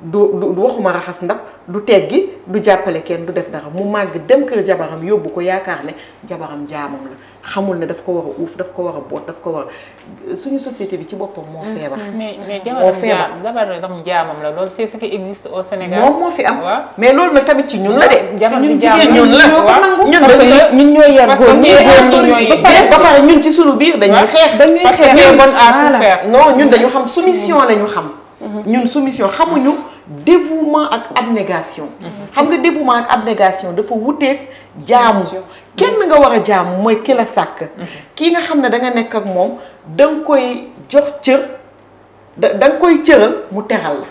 du du waxuma raxas ndab du teggi du jàppale kenn du def dara mu màgg dem kër jabaram yóbbu ko yaakaar ne jabaram jaamam la xamul ne daf ko war a uuf daf ko war a boot daf ko war a suñu société bi ci boppam moo mm-hmm. feebar. mais mais jabaram jaamam la loolu c'est ce qui existe au Sénégal. moom moo mais loolu nag tamit ci ñun la de. jabar bi jaamam la ñun parce que ñun ñooy yar góor ñi ñooy ba pare ñun ci suñu biir dañuy xeex. dañuy xeex parce que non ñun dañu xam mm-hmm. soumission lañu xam. Mm-hmm. ñun soumission xamuñu dévouement ak abnégation xam nga dévouement ak abnégation dafa wuteeg jaamu kenn nga war a jaamu mooy ki la sàkk kii nga xam ne danga nekk ak moom da koy jox cër da da koy cëral mu teral la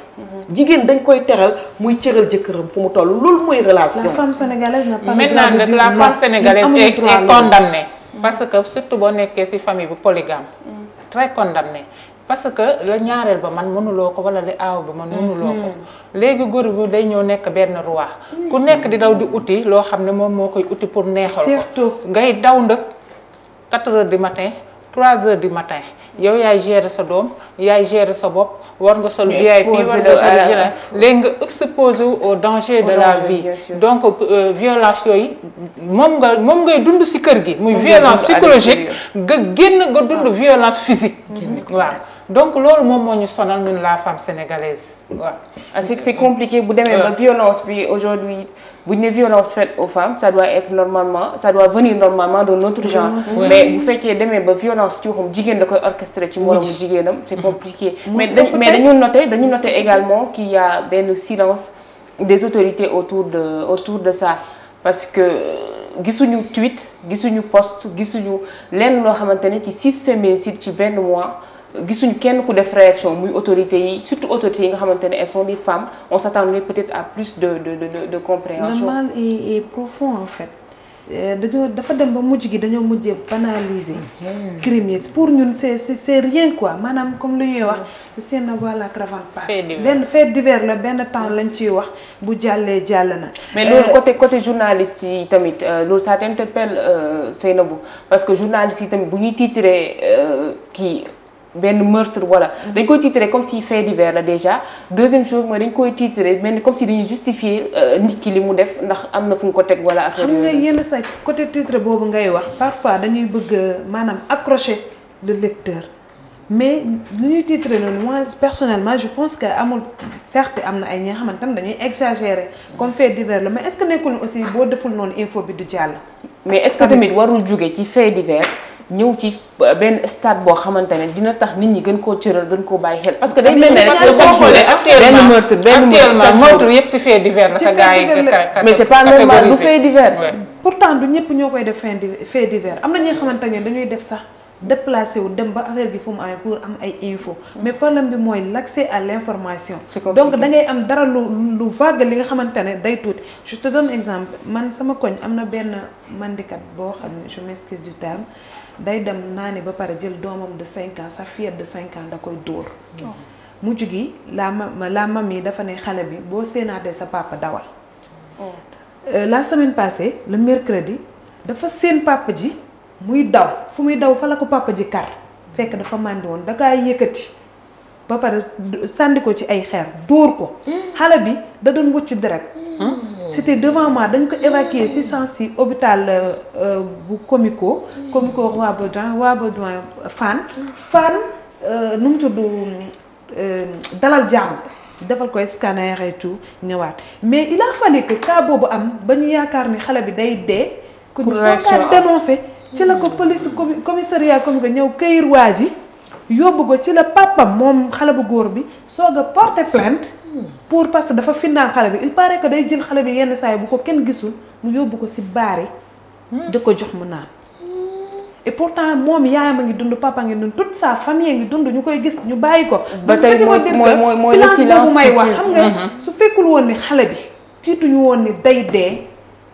jigéen dañ koy teral muy cëral jëkkëram fu mu toll loolu mooy relation la femme sénégalaise n'a pas maintenant nag la parce que surtout boo nekkee ci famille bu polygame très condamnée parce que la ñaareel ba man mënuloo ko wala li aaw ba man mënuloo ko mm-hmm. léegi góor bu day ñëw nekk benn roi mm-hmm. ku nekk di daw di uti loo xam ne moom moo koy uti pour neexal ko surtout ngay daw ndëg 4 heures du matin 3 heures du matin yow yaay gérer sa doom yaay gérer sa bopp war nga sol VIP war nga sol gérer nga exposé au danger de la vie donc euh, violence yooyu moom nga moom ngay dund ci kër gi muy violence psychologique nga génn nga dund ah. violence physique waaw donc loolu moom moo ñu sonal ñun la femme sénégalaise waaw. Ah, c'est c'est compliqué bu demee ba euh. violence bi aujourd'hui bu ñu ne violence faite aux femmes ça doit être normalement ça doit venir normalement d'un autre genre. mais bu fekkee demee ba violence ci waxum jigéen da koy orchestré ci moromu jigéenam c'est mm-hmm. compliqué. Mm-hmm. mais mais dañu noté dañu noté également qu'il y a benn silence des autorités autour de autour de ça parce que. Euh, gisuñu tweet gisuñu post gisuñu lenn loo xamante ne ci six semaines ci benn mois gisuñ kenn ku def réaction muy autorité yi surtout autorités yi nga xamante ne elles sont des femmes on s'attendait peut-être à plus de de de de compréhension. le mal profond en fait. Euh, dañoo dafa dem ba mujj gi dañoo mujjee banaliser. Mhm. crime yi pour ñun c'est c'est rien quoi maanaam comme lu ñuy wax. seen voilà cravate passe. benn fait divers la benn temps lañ ciy wax bu jàllee jàll na. mais loolu euh, côté côté journaliste yi tamit euh, loolu ça t'interpelle Seynabou parce que journaliste yi tamit bu ñuy titré kii. benn meurtre wala mm-hmm. dañ koy titrer comme si fait divers la déjà deuxième chose mooy dañ koy titrer mel ni comme si dañuy justifier euh, nit ki li mu def ndax am na fu ñu ko teg wala affaire xam nga yenn sa côté titre boobu ngay wax parfois dañuy bëgg euh, maanaam accrocher le lecteur mais lu ñuy titrer noonu moi personnellement je pense que amul certes am na ay ñi nga xamante ne dañuy exagérer comme fait divers la mais est-ce que aussi boo deful noonu info bi du jàll mais est-ce que tamit warul jóge ci fait divers ñëw ci euh, benn stade boo xamante ne dina tax nit ñi gën koo cëral gën koo bàyyi xel parce que dañ mel ne rek boo xoolee benn meurtre koy def fin fait divers am na ñi nga xamante ne sax déplacé wu dem ba affaire gi fu mu amee pour am ay info mais problème bi mooy l'accès à l'information donc da ngay am dara lu lu vague li nga xamante ne day tuuti je te donne exemple man sama koñ am na benn mandikat boo xam ne je m'excuse du terme day dem naa naani ba pare jël doomam de cinq ans sa fillette de cinq ans da koy dóor mujj gi la ma la mamie dafa ne xale bi boo séenaatee sa papa dawal oh. euh, la semaine passée le mercredi dafa seen papa ji muy daw fu muy daw fa la ko papa ji kar fekk dafa màndi woon da kaa yëkkati ba pare sànni ko ci ay xeer dóor ko hmm. xale bi da doon wëcc deret hmm. c'était devant moi dañ ko évacuer si sens si hôpital euh, euh, bu Comico. Mm. Comico Roi Baudouin Roi Baudouin Fann. Fann euh, nu mu tudd dalal jàmm. defal ko scanner ñëwaat mais il a fallu que boobu am ba ñu yaakaar ni xale bi day dee. ku ñu soog dénoncé ci la ko mm. police commissariat comme que ñëw këyir waa ji yóbbu ko ci la papam moom xale bu góor bi soog a porté plainte. pour parce que dafa findaan xale bi il pare que day jël xale bi yenn saa yi bu ko kenn gisul mu yóbbu ko si baari yi hmm. di ko jox mu naan et pourtant moom yaayam a ngi dund papa ngi dund toute sa famille ngi dund ñu koy gis ñu bàyyi ko. ba tey mooy mooy mooy silence boobu may wax xam nga hmm. su fekkul woon ni xale bi tiituñu woon ni day dee.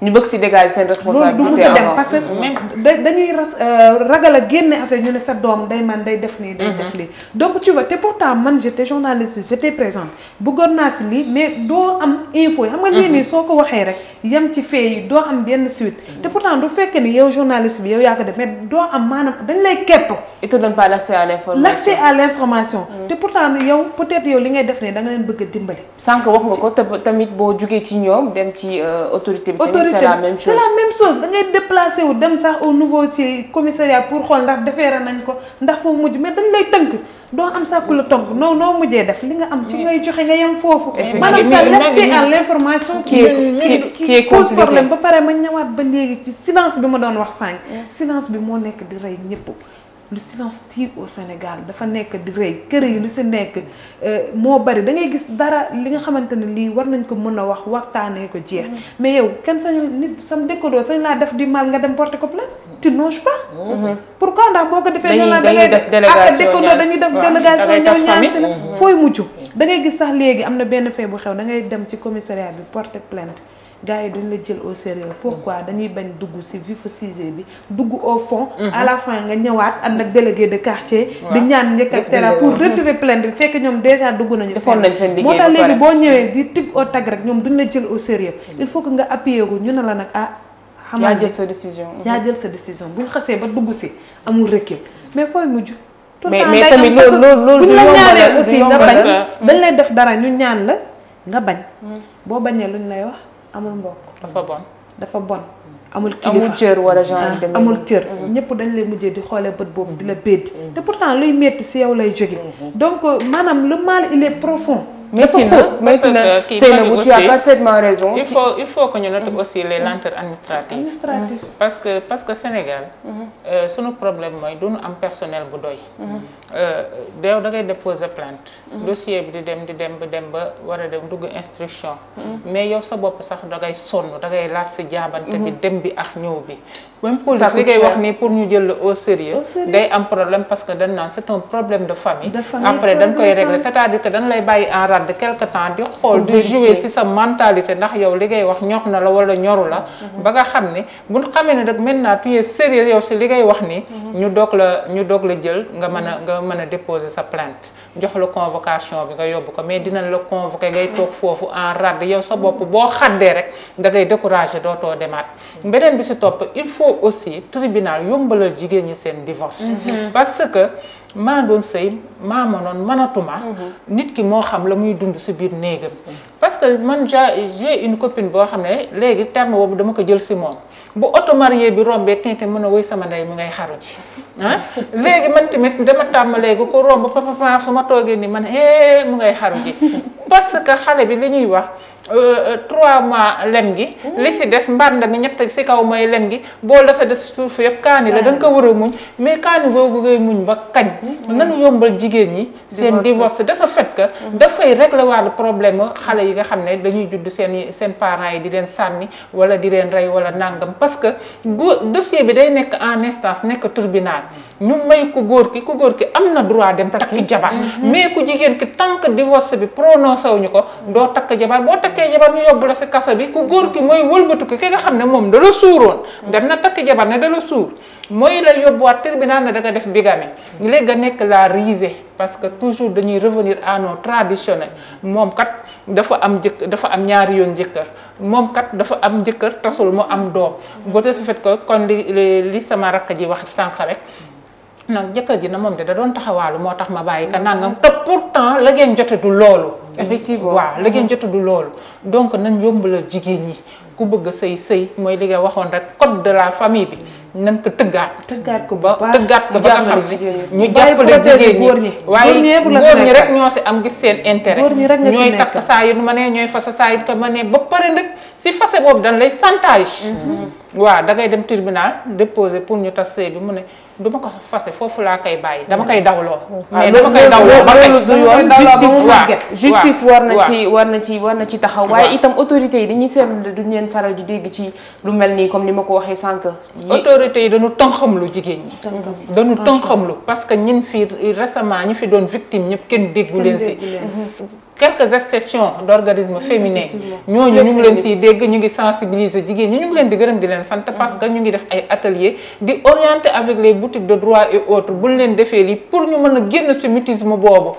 ñu bëgg si dégager seen responsabilité loolu du sa dem parce que mm-hmm. même dañuy euh, ragal a génne affaire ñu ne sa doom day man day def nii day mm-hmm. def lii donc tu vois te pourtant man j'étais journaliste j'étais présente bëggoon naa si lii mais doo am info yi xam nga lii mm-hmm. soo ko waxee rek yem ci fee yi doo am benn suite te pourtant du fekk ni yow journaliste bi yow yaa ko def mais doo am maanaam dañ lay kepp il te donne pas l'accès à l'information l'accès à l'information mm. te pourtant yow peut-être yow li ngay def nii da nga leen bëgg a dimbali sànq wax nga ko tamit boo jugee ci ñoom dem ci euh, autorité bi c'est la même chose c'est la même chose da ngay déplacé wu dem sax au niveau ci commissariat pour xool ndax defeera nañ ko ndax foo mujj mais dañ lay tënk doo am sàkku la tënk noo noo mujjee def li nga am ci ngay joxe nga yem foofu. maanaam ça laisse à l'information qui qui cause ba pare ma ñëwaat ba léegi ci silence bi ma doon wax sànq. silence bi moo nekk di rey ñëpp. lu silence tire au Sénégal dafa nekk di rëy kër yi lu si nekk euh, moo bari da ngay gis dara li nga xamante ne lii war nañ ko mën a wax waxtaanee ko jeex. Mm-hmm. mais yow kenn sañu nit sam dëkkandoo sañ laa def di mal nga dem porté ko plainte. Mm-hmm. tu pa pour mm-hmm. pourquoi ndax boo ko defee. dañuy dañuy def délégation ñaar dañuy def délégation ñëw ñaar si la fooy mujj. dangay ngay gis sax léegi am na benn fee bu xew da ngay dem ci commissariat bi porté plainte. gars yi dañ la jël au sérieux pourquoi dañuy bañ dugg ci vif sujet bi dugg au fond mhm. à la fin nga ñëwaat ànd ak délégué de quartier di ñaan njëkk ak tera pour retirer plainte bi fekk ñoom déjà dugg nañu moo tax léegi boo ñëwee di tig au tag rek ñoom duñ la jël au sérieux mhm. il faut que nga appuyer ko ñu ne la nag ah xam yaa jël sa décision yaa jël sa décision buñ xasee ba dugg si amul recul mais fooy mujj tout le temps mais tamit loolu loolu buñ la ñaanee aussi nga bañ dañ lay def dara ñu ñaan la nga bañ mhm. boo bañee luñ lay wax amul mbokk dafa bon dafa bon hmm. amul kilifa amul cër wala genre ah, amul cër hmm. ñëpp dañ lay mujjee di xoolee bët boobu di la hmm. beddi te pourtant luy metti si yow lay jóge donc euh, maanaam le mal il est profond métti na métti na Seynabou que parce que parce que Sénégal. Mm-hmm. Euh, sunu problème mooy du ñu am personnel bu doy. Mm-hmm. Euh, deew da ngay déposer plainte. Mm-hmm. dossier bi di dem di dem bi dem ba war a dem dugg instruction. mais yow sa bopp sax da ngay sonn da ngay laas si jaabante bi dem bi ak ñëw bi. même police li ngay wax nii pour ñu jël la au sérieux day am problème parce que dañ naan c'est un de famille. après dañ koy régler c'est-à-dire que dañ lay bàyyi en defaat de quelque temps di xool di jouer ci sa mentalité ndax yow li ngay wax ñor na la wala ñoru la mm-hmm. ba nga xam ne bu xamee ne nag maintenant tu es sérieux yow ci li ngay wax ni mm-hmm. ñu doog la ñu doog la jël nga mën a nga mën a déposer sa plainte jox la convocation bi nga yóbbu ko mais dinañ la convoqué ngay mm-hmm. toog foofu en rade yow sa bopp boo xaddee rek da ngay découragé dootoo demaat beneen bi ci topp il faut aussi tribunal yombalal jigéen ñi seen divorce parce que maa doon sëy maa mënoon mënatuma. Mhm. nit ki moo xam la muy dund si biir néegam. Mhm. parce que man j'ai une copine boo xam ne léegi terme boobu dama ko jël si moom bu auto marié bi rombee tey te mën a woy sama ndey mi ngay xaru ci ah léegi man tamit dama tàmm léegi ko romb papa su ma toogee nii man eh mu ngay xaru ji parce que xale bi li ñuy wax. Euh, euh, trois mois lem gi li si des mbànd mi ñett si kaw may lem gi boo la sa des suuf yëpp kaani la da nga ko war a muñ mais kaani googu ngay muñ ba kañ mm-hmm. nanu yombal jigéen ñi seen divorce de ce fait que mm-hmm. dafay régler wàllu problème xale yi nga xam ne dañuy judd seen seen parents yi di leen sànni wala di rey wala nàngam parce que dossier bi day nekk en instance nekk tribunal ñu may ku góor ki ku góor ki am na droit dem takk jabar mm-hmm. mais ku jigéen ki tant que divorce bi prononcé wuñu ko doo takk jabar boo takk takkee jabar ñu yóbbu la si kaso bi ku góor ki mooy wëlbatu ko ki nga xam ne moom dala suuroon dem na takk jabar ne dala suur mooy la yóbbuwaat tribunal ne da def def bigami léegi nga nekk la risée parce que toujours dañuy revenir à nos traditionnels moom kat dafa am jëkk dafa am ñaari yoon jëkkër moom kat dafa am jëkkër tasul mu am doom ba te su fait que kon li li sama rakk ji wax sànq rek nag jëkkër ji na moom de da doon taxawaalu moo tax ma bàyyi ka nangam te pourtant la ngeen jote du loolu effectivement waaw la ngeen jote du loolu donc nañ yombalal jigéen ñi ku bëgg sëy sëy mooy li waxoon rek code de la bi nañ ko tëggaat tëggaat ko ba tëggaat ko ba nga xam ne ñu jàppale jigéen ñi waaye góor ñi rek ñoo si am gis seen intérêt ñooy takk saa yu ma ne ñooy fase saa yu ko ma ne ba pare nag si fase boobu dañ lay chantage mm-hmm. waaw da ngay dem tribunal déposer pour du ma ko fase foofu laa koy bàyyi dama koy dawloo. Mm-hmm. Ah, mais dama koy dawloo ba loolu du yoon justice justice war na ci war na ci war na ci taxaw. waaye itam autorités yi dañuy seetlu duñ leen faral di dégg ci lu mel nii comme ni ma ko waxee sànq. autorités yi dañu tënxamlu jigéen ñi. dañu tënxamlu parce que ñin fi récemment ñi fi doon victime ñëpp kenn déggu leen si. quelques exceptions d' organismes féminins ñooñu ñu ngi leen siy dégg ñu ngi sensibiliser jigéen ñi ñu ngi leen di gërëm di leen sant parce que ñu ngi def ay atelier di orienter avec les boutiques de droit et autres buñ leen defee lii pour ñu mën a génn si mutisme boobu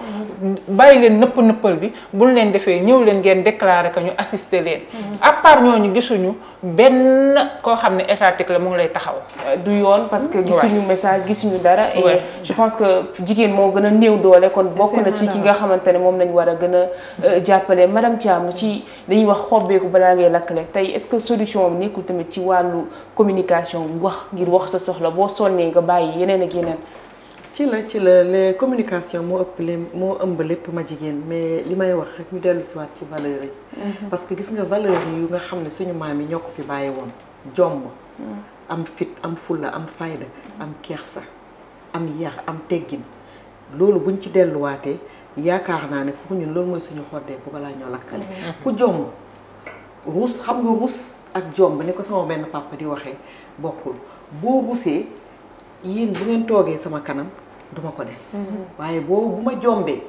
bàyyi leen nëpp nëppal bi buñ leen defee ñëw leen ngeen déclaré que ñu assister leen. Mhm. à part ñooñu gisuñu benn koo xam ne étatique la mu ngi lay taxaw. Euh, du yoon parce que gisuñu message gisuñu dara. et je pense que jigéen moo gën a néew doole kon bokk na ci ki nga xamante ne moom lañ war a gën a euh, jàppale madame Thiam ci dañuy wax xobbeeku balaa ngay lakkale tey est-ce que solution bi nekkul tamit ci wàllu communication bi wax ngir wax sa soxla boo sonnee nga bàyyi yeneen ak yeneen. ci la ci la les communication moo ëpp le moo ëmb lépp ma jigéen mais li may wax rek ñu dellu siwaat ci valeur yi mm-hmm. parce que gis nga valeur yu nga xam ne suñu maam yi ñoo ko fi bàyyi woon jomb mm-hmm. am fit am fulla am fayda am kersa am yar am teggin loolu buñ ci delluwaatee yaakaar naa ne pour ñun loolu mooy suñu xoddee ko balaa ñoo lakkale mm-hmm. ku jomb ruus xam nga rus ak jomb ni ko sama benn papa di waxee bokkul boo rusee yéen bu ngeen toogee sama kanam duma ko def mm-hmm. waaye boo bu ma jombee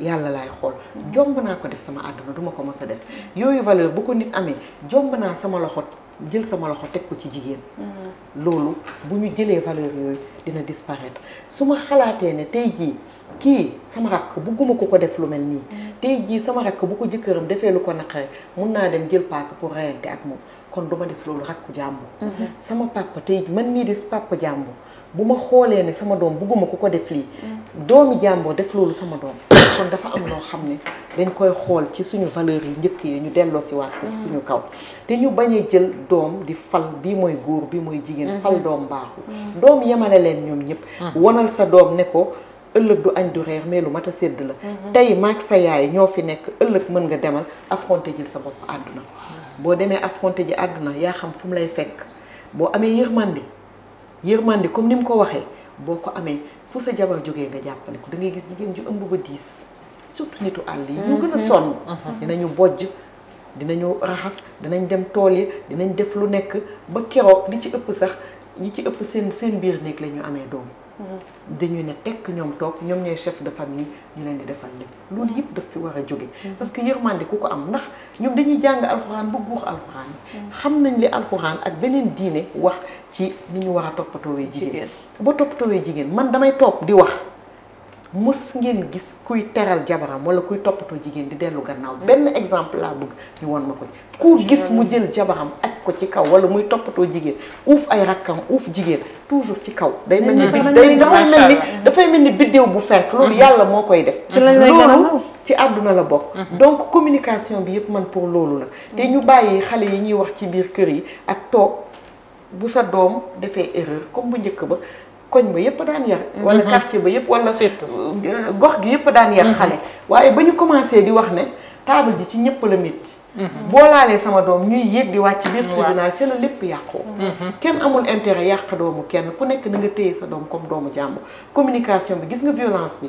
yàlla laay xool mm-hmm. jomb naa ko def sama àdduna duma ko mos def yooyu valeur bu ko nit amee jomb naa sama loxo jël sama loxo teg ko ci jigéen mm-hmm. loolu bu ñu jëlee valeur yooyu dina disparaître su ma xalaatee ne tey jii kii sama rakk bugguma ko ko def lu mel nii tey jii sama rakk bu ko jëkkëram defee lu ko naqare mun naa dem jël paaka pour reyante ak moom kon duma def loolu rakku jàmbur sama papa tey man mii di papa jàmbur bu ma xoolee ne sama doom bugguma ku ko def lii doomi jàmboo def loolu sama doom kon dafa am loo xam ne dañ koy xool ci suñu valeurs yi njëkk yi ñu delloo si waat suñu kaw te ñu bañ a jël doom di fal bii mooy góor bii mooy jigéen fal mhm. doom baaxul doom yemale leen ñoom ñëpp mhm. wanal sa doom ne ko ëllëg du añ du reer mais lu mat a sédd la mhm. tey maak sa yaay ñoo fi nekk ëllëg mën nga demal affronté jël sa bopp àdduna boo demee affronté ji àdduna yaa xam fu lay fekk boo amee yërmande yërmande comme ni mu ko waxee boo ko amee fu sa jabar jógee nga jàppale ko da ngay gis jigéen ju ëmb ba diis surtout nitu àll yi. ñu gën a mhm. sonn. Mhm. dinañu bojj dinañu raxas dinañ dem tool yi dinañ def lu nekk ba keroog li ci ëpp sax ñi ci ëpp seen seen biir nekk la ñu amee doom. dañu ne tekk ñoom toog ñoom ñooy chef de famille ñu leen di defal lépp loolu yëpp daf fi war a jóge mm. parce que yërmande ku ko am ndax ñoom dañuy jàng alxuraan ba guux alxuraan mm. xam nañ li alxuraan ak beneen diine wax ci ni ñu war a toppatoowee jigéen ba wee jigéen man damay toog di wax mës ngeen gis kuy teral jabaram wala kuy toppatoo jigéen di dellu gannaaw benn exemple laa bëgg ñu won ma ko ci ku gis mu jël jabaram ak ko ci kaw wala muy toppatoo jigéen uuf ay rakkam uuf jigéen toujours ci kaw day mel ni day dafay dafay mel ni biddéew bu fenk loolu mm-hmm. yàlla moo koy def loolu ci àdduna la bokk mm-hmm. donc communication bi yëpp man pour loolu la mm-hmm. te ñu bàyyi xale yi ñuy wax ci biir kër yi ak toog bu sa doom defee erreur comme bu njëkk ba koñ ba yëpp daan yar mhm. wala quartier ba yëpp set gox gi yëpp daan yar mhm. xale waaye ba ñu commencé di wax ne taabal ji ci ñëpp la métti mhm. boo laalee sama doom ñuy yéeg di wàcc biir tribunal ca la lépp yàqu kenn amul intérêt yàq doomu kenn ku nekk na nga téye sa doom comme doomu jàmm communication bi gis nga violence bi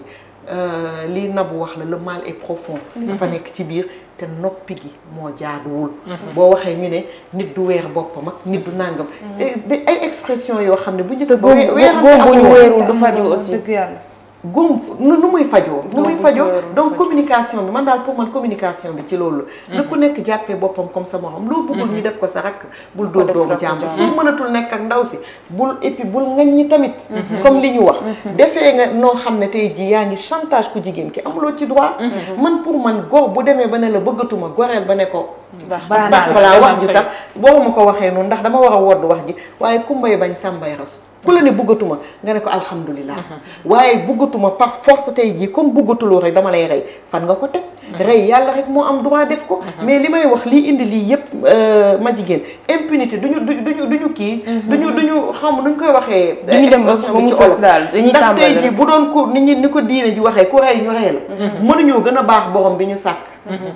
euh, lii nabu wax la le mal est profond dafa nekk ci biir te noppi gi moo jaaduwul. Mhm. boo waxee ñu ne nit du weer boppam ak nit du nangam. Mhm. Eh, ay expression yoo xam ne bu njëkk. góob góob bu ñu weerul du faju aussi dëgg yàlla. góom nu muy fajoo nu muy fajoo donc communication bi man daal pour man communication bi ci loolu la mm-hmm. ku nekk jàppee boppam comme sa morom loo bëggul mm-hmm. ñu def ko sa rakk bul dóor doomu jàmbur mm-hmm. su mënatul nekk ak ndaw si bul et puis ngañ ñi tamit comme li ñu wax defee nga noo xam ne tey jii yaa ngi chantage ku jigéen ki amuloo ci droit man pour man góor bu demee ba ne la bëggatuma goreel ba ne ko baax baax balaa wax ji sax boobu ma ko waxee noonu ndax dama war a wodd wax ji waaye kumbay bañ sàmbay rasu ku la ne buggatuma nga ne ko alhamdulilah. waaye buggatuma par force tey jii comme buggatuloo rek dama lay rey fan nga ko teg. rey yàlla rek mu am droit def ko mhm. mais li may wax lii indi lii yëpp euh, ma jigéen impunité duñu duñu duñu kii mhm. duñu ñu xam nuñ koy waxee duñu dem ba mu sos daal dañuy tàmbali ndax bu doon ko nit ñi ni ko diine ji waxee ku rey ñu rey la mhm. gën a baax borom bi ñu sàkk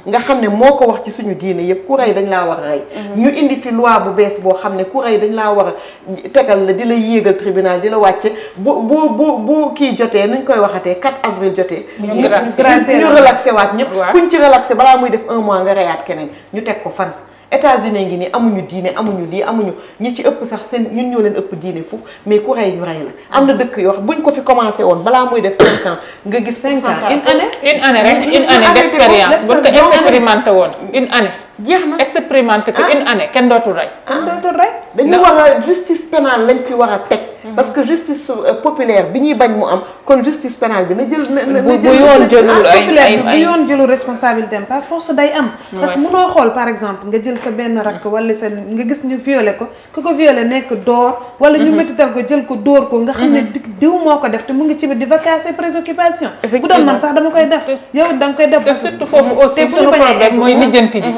nga xam ne moo ko wax ci suñu diine yëpp ku rey dañ laa war a rey ñu indi fi loi bu bees boo xam ne ku rey dañ laa war a tegal la di la yéegal tribunal di la wàcce bu bu bu bu kii jotee nuñ koy waxatee 4 avril jotee ñu relaxé waat ñëpp kuñ ci relaxé balaa muy def un mois nga reyaat keneen ñu teg ko fan États-Unis ngi nii amuñu diine amuñu lii amuñu ñi ci ëpp sax seen ñun ñoo leen ëpp diine foofu mais ku rey ñu rey la am na dëkk yoo bu buñ ko fi commencé woon balaa muy def cinq ans nga gis cinq ans une année une année rek une année d'expérience buñ ko expérimenté woon une année jeex na expérimenté que une ah. année kenn dootul rey. Ah. kenn dootul rey dañu war a justice pénale lañ fi war a teg. Mhm. parce que justice euh, populaire bi ñuy bañ mu am kon justice pénale bi na jël. na bu yoon jëlul ah, ay yoon jëlul responsabilité am par force day am. xool par exemple nga jël sa benn rakk wala sa nga gis ñu violé ko ku ko violé nekk door. wala ñu mhm. métital ko jël ko dóor ko nga xam ne mhm. diw moo ko def te mu ngi ci biir di vacances préoccupation. bu doon man sax dama koy def yow da nga koy def. te surtout foofu aussi suñu problème mooy lijjanti bi.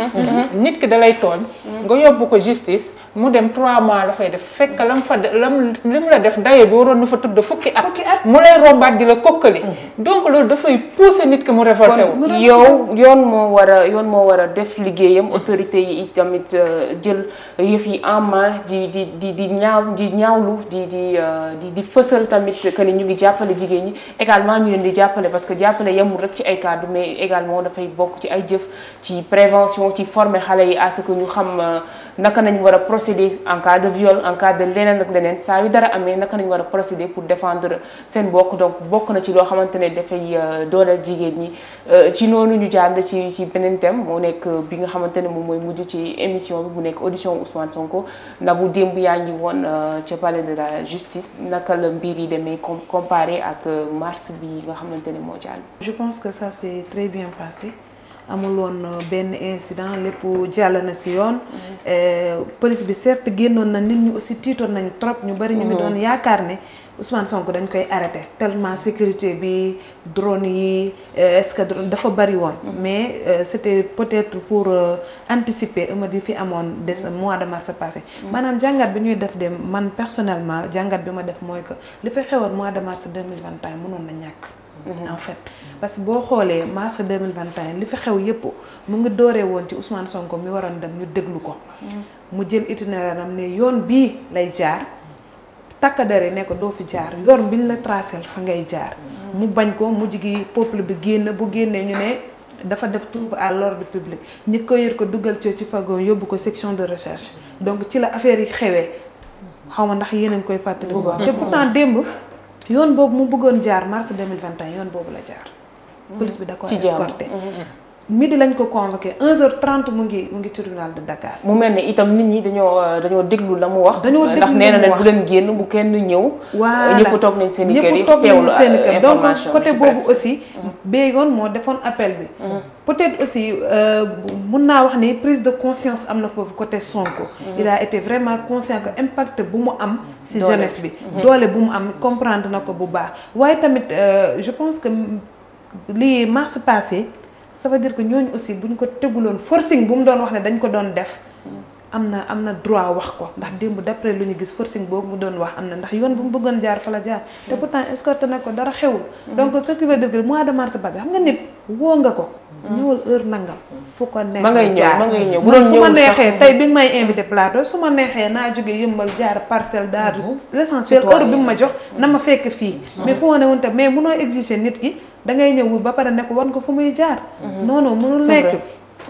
nit ki dalay lay nga yóbbu ko justice mu dem 3 mois la fay def fekk lam fa lam li mu la def daye boo waroon na fa tëdd fukki at. at mu lay rombaat di la kokkali. Mm-hmm. donc loolu dafay pousser nit ki mu révolté wu. yow yoon moo war a yoon moo war a def liggéeyam autorité yi tamit euh, jël yëf yi en main di di di di ñaaw di ñaawlu di di euh, di di fësal tamit que ni ñu ngi jàppale jigéen ñi également ñu leen di jàppale parce que jàppale yemul rek ci ay kàddu mais également dafay bokk ci ay jëf ci prévention ci former xale yi à ce que ñu euh, naka nañu war a procéder en cas de viol en cas de leneen ak leneen saa yu dara amee naka nañ war a procéder pour défendre seen bokk donc bokk na ci loo xamante ne dafay euh, dooleel jigéen ñi euh, ci noonu ñu jàll ci ci beneen thème moo nekk euh, bi nga xamante ne moom mooy mujj ci émission bi mu nekk audition Ousmane Sonko na bu démb yaa ngi woon ca palais de la justice naka la mbir yi demee comparé ak mars bi nga xamante ne moo jàll. Je pense que ça s'est très bien passé. amul woon euh, benn incident lépp jàll na si yoon. Mm-hmm. Euh, police bi certes génnoon na nit ñi aussi tiitoon nañu trop. ñu bari ñu ngi mm-hmm. doon yaakaar ne Ousmane Sonko dañ koy arrêté tellement sécurité bi drone yi euh, est-ce que dafa bari woon. Mm-hmm. mais c'était peut-être pour anticiper ëmët di fi amoon des mois de mars passé. maanaam jàngat bi ñuy def de man personnellement jàngat bi ma def mooy que li fi xewoon mois de mars deux mille na ñàkk. en fait parce que boo xoolee mars 2021 li fi xew yëpp mu ngi dooree woon ci Ousmane Sonko mi waroon dem ñu déglu ko. mu jël itinéraire am ne yoon bii lay jaar takk dare ne ko doo fi jaar yoon biñ la tracé fa ngay jaar. mu bañ ko mu jigi peuple bi génn bu génnee ñu ne dafa def trouble à l'ordre public ñi ko yër ko dugal ci ci fagon yóbbu ko section de recherche donc ci la affaire yi xewee xaw ma ndax yéen a ngi koy fàttali. bu baax démb. yoon boobu mu bëggoon jaar mars 2021 yoon boobu la jaar mm-hmm. police bi da ko escorté mm-hmm. midi lañ ko convoqué 1h30 mu ngi mu ngi tribunal de Dakar. mu mel ni itam nit ñi dañoo dañoo déglu la mu wax. dañoo déglu la mu wax ndax nee na leen wax leen génn bu kenn ñëw. voilà ñëpp toog nañ seen i kër yi teewlu euh, information donc côté boobu aussi. Mm. Bayonne moo defoon appel bi. Mm. peut-être aussi euh, mun naa wax ni prise de conscience am na foofu côté Sonko. Mm. il a été vraiment conscient que impact bu mu am. ci jeunesse bi mm-hmm. doole bu mu am comprendre na ko bu baax waaye tamit euh, je pense que lii mars passé. ça veut dire que ñooñu aussi bu ñu ko teguloon forcing bu mu doon wax ne dañ ko doon def am na am na droit wax ko ndax démb d'après lu ñu gis forcing boobu mu doon wax am na ndax yoon bu mu bëggoon jaar fa la jaar te mm. pourtant escorté na ko dara xewul mm. donc mars passé xam nga nit woo nga ko mm. ñëwal nangam fu ko neex ngay ñëw ma ngay ñëw bu doon ñëwul sax su ma neexee tey bi may invité plateau su ma neexee naa jógee yëmbal jaar parcelle daal mm-hmm. l'essentiel heure bi mu ma jox na ma fekk fii mais fu ma ne woon te mais munoo exiger nit ki da ngay ñëw ba pare nekk wan ko fu muy jaar. Mhm. non non mënul nekk.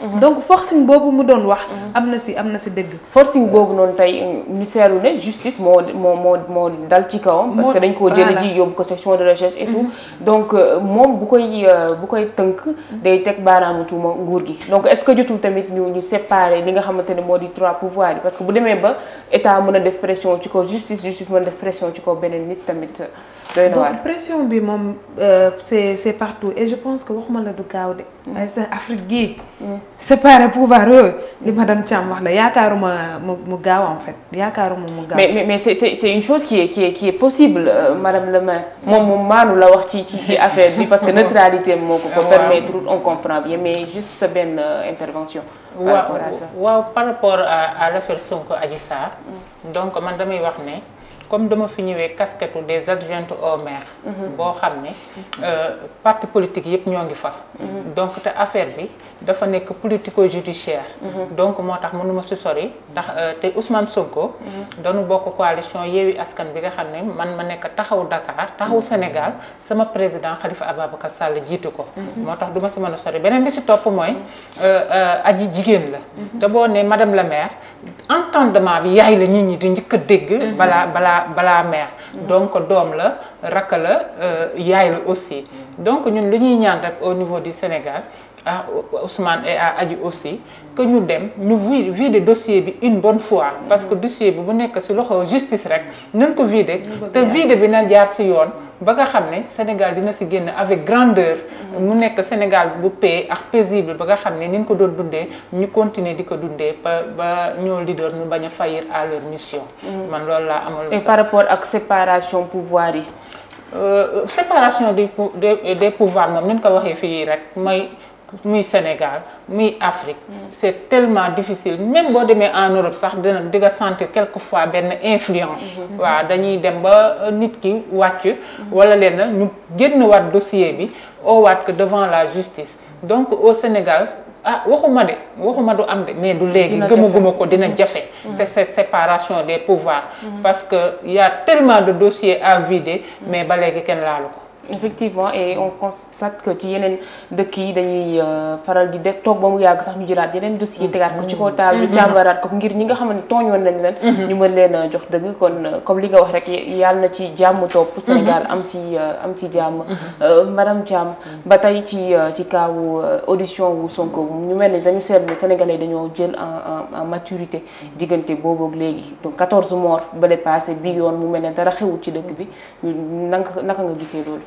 Mhm. donc forcing boobu mu doon wax. Mhm. am na si am na si dëgg. forcing boobu noonu tey ñu seetlu ne justice moo moo moo moo dal ci kawam. parce dañ koo jëlee ji yóbbu ko section de recherche et tout. donc euh, moom bu koy euh, bu koy tënk. day teg baaraamu tuuma nguur gi. donc est-ce que jotul tamit ñu ñu séparer li nga xamante ne moo di trois pouvoirs yi parce que bu demee ba mën a def pression ci kaw justice justice mën a def pression ci kaw beneen nit tamit. doy na waar donc pression bi moom euh, c'est partout et je pense que waxuma la du gaaw de. Mm. ay sa Afrique gii. Mm. séparer pouvoir yooyu. li madame Thiam wax la yaakaaruma mu mu gaaw en fait yaakaaruma mu gaaw. mais mais mais c'est c'est une chose qui est possible euh, madame le maire moom moom maanu la wax ci ci ci affaire bi parce que neutralité moo ko ko permettre on comprend bien mais juste sa benn euh, intervention. par rapport à waaw par rapport à à l'affaire Sonko Adji Sarr. Mm. donc man damay wax ne. comme dama fi ñëwee casquette des adjointes au maire. Mhm. boo xam ne euh, parti politique yëpp ñoo ngi fa. Mhm. donc te affaire bi. dafa nekk politico judiciaire mhm. donc moo tax mënuma si sori ndax euh, te Ousmane Sonko mhm. dañu bokk coalition Yewwi Askan bi nga xam ne man ma nekk taxaw Dakar taxaw mhm. Sénégal sama président Khalifa Ababacar Sall jiitu ko moo tax du ma si mën a sori beneen bi si topp mooy euh, euh, aji jigéen la te boo ne madame la maire entendement bi yaay la nit di njëkk a dégg balaa balaa balaa maire donc doom la rakk la yaay la aussi donc ñun li ñuy ñaan rek au niveau du Sénégal ah Ousmane et à Adji aussi que ñu dem ñu vi vider dossier bi une bonne fois parce que dossier bi bu nekk ci loxo justice rek nañ ko vider te vider bi na jaar ci yoon ba nga xam ne Sénégal dina ci génn avec grandeur mm-hmm. mu nekk Sénégal bu paix ak paisible ba nga xam ne ni ko doon dundee ñu continuer di ko dundee ba ba ñoo leader ñu bañ a faillir à leur mission mm-hmm. man loolu laa amal et par rapport ak séparation pouvoir yi euh, séparation des des pouvoirs moom ni ko waxee fii rek mooy muy Sénégal muy Afrique c'est tellement difficile même boo demee en Europe sax dina di nga sentir fois benn influence mhm. Mhm. waaw dañuy dem ba euh, nit ki wàcc wala leen ñu génn waat dossier bi oowaat que devant la justice donc au Sénégal ah waxuma de waxuma du am de mais du léegi gëmaguma ko dina mhm. jafe c'est cette séparation des pouvoirs parce que y telement tellement de dossiers à vider mais ba léegi kenn laalu ko effectivement et on constate que ci yeneen dëkk yi dañuy euh, faral di def toog ba mu yàgg sax ñu jëlaat yeneen dossier mm-hmm. tegaat ko ci kaw table càmbaraat mm-hmm. ko ngir ñi nga xam ne tooñoon nañ leen mm-hmm. ñu mën leen jox dëgg kon euh, comme li nga wax rek yàlla na ci jàmm topp Sénégal am ci euh, am ci jàmm madame Thiam ba tey ci ci kaawu audition wu Sonko ñu mel ni dañu seetlu Sénégalais dañoo jël en en maturité diggante boobu ak léegi donc 14 morts ba dépassé bii yoon mu mel ne dara xewul ci dëkk bi naka naka nga gisee loolu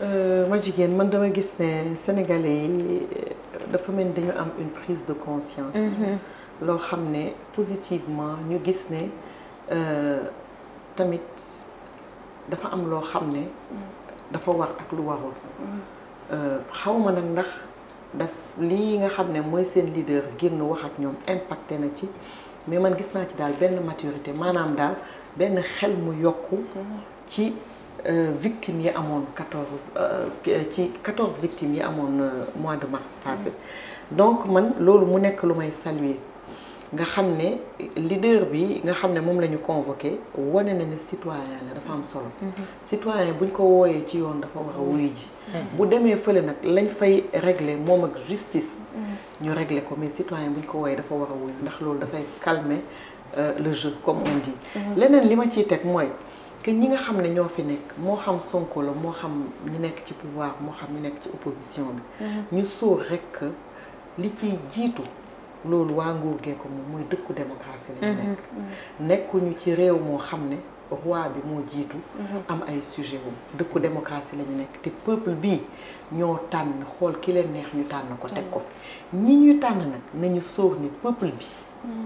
Euh, ma jigéen man dama gis ne sénégalais yi euh, dafa mel dañu am une prise de conscience mhm. loo xam ne positivement ñu gis ne euh, tamit dafa am loo xam ne dafa war ak lu warul xaw ma nag ndax daf lii nga xam ne mooy seen leader génn wax ak ñoom impacté na ci mais man gis naa ci daal benn maturité maanaam daal benn xel mu yokku mhm. ci Euh, victimes yi amoon quatorze euh, ci quatorze victimes yi amoon euh, mois de mars passé donc man loolu mu nekk lu may saluer nga xam ne leader bi nga xam ne moom la ñu convoqué wane na ne citoyen la dafa am solo mm-hmm. citoyen buñ ko wooyee ci yoon dafa war a wuyu ji mm-hmm. bu demee fële nag lañ fay régler moom ak justice mm-hmm. ñu régler ko mais citoyen buñ ko wooyee dafa war a wuyu ndax loolu dafay calmer le jeu comme on leneen li ma ci teg mooy que ñi nga xam ne ñoo fi nekk moo xam Sonko la moo xam ñi nekk ci pouvoir moo xam ñi nekk ci opposition bi mhm. ñu sóor rekk li ciy jiitu loolu waa nguur gee ko moom mooy dëkku démocratie lañu mhm. nekk mhm. nekkuñu ci réew moo xam ne roi bi moo jiitu am ay sujet wu dëkku démocratie lañu nekk te peuple bii ñoo tànn xool ki leen neex ñu tànn ko teg ko fi ñi ñu tànn nag nañu sóor ne peuple bi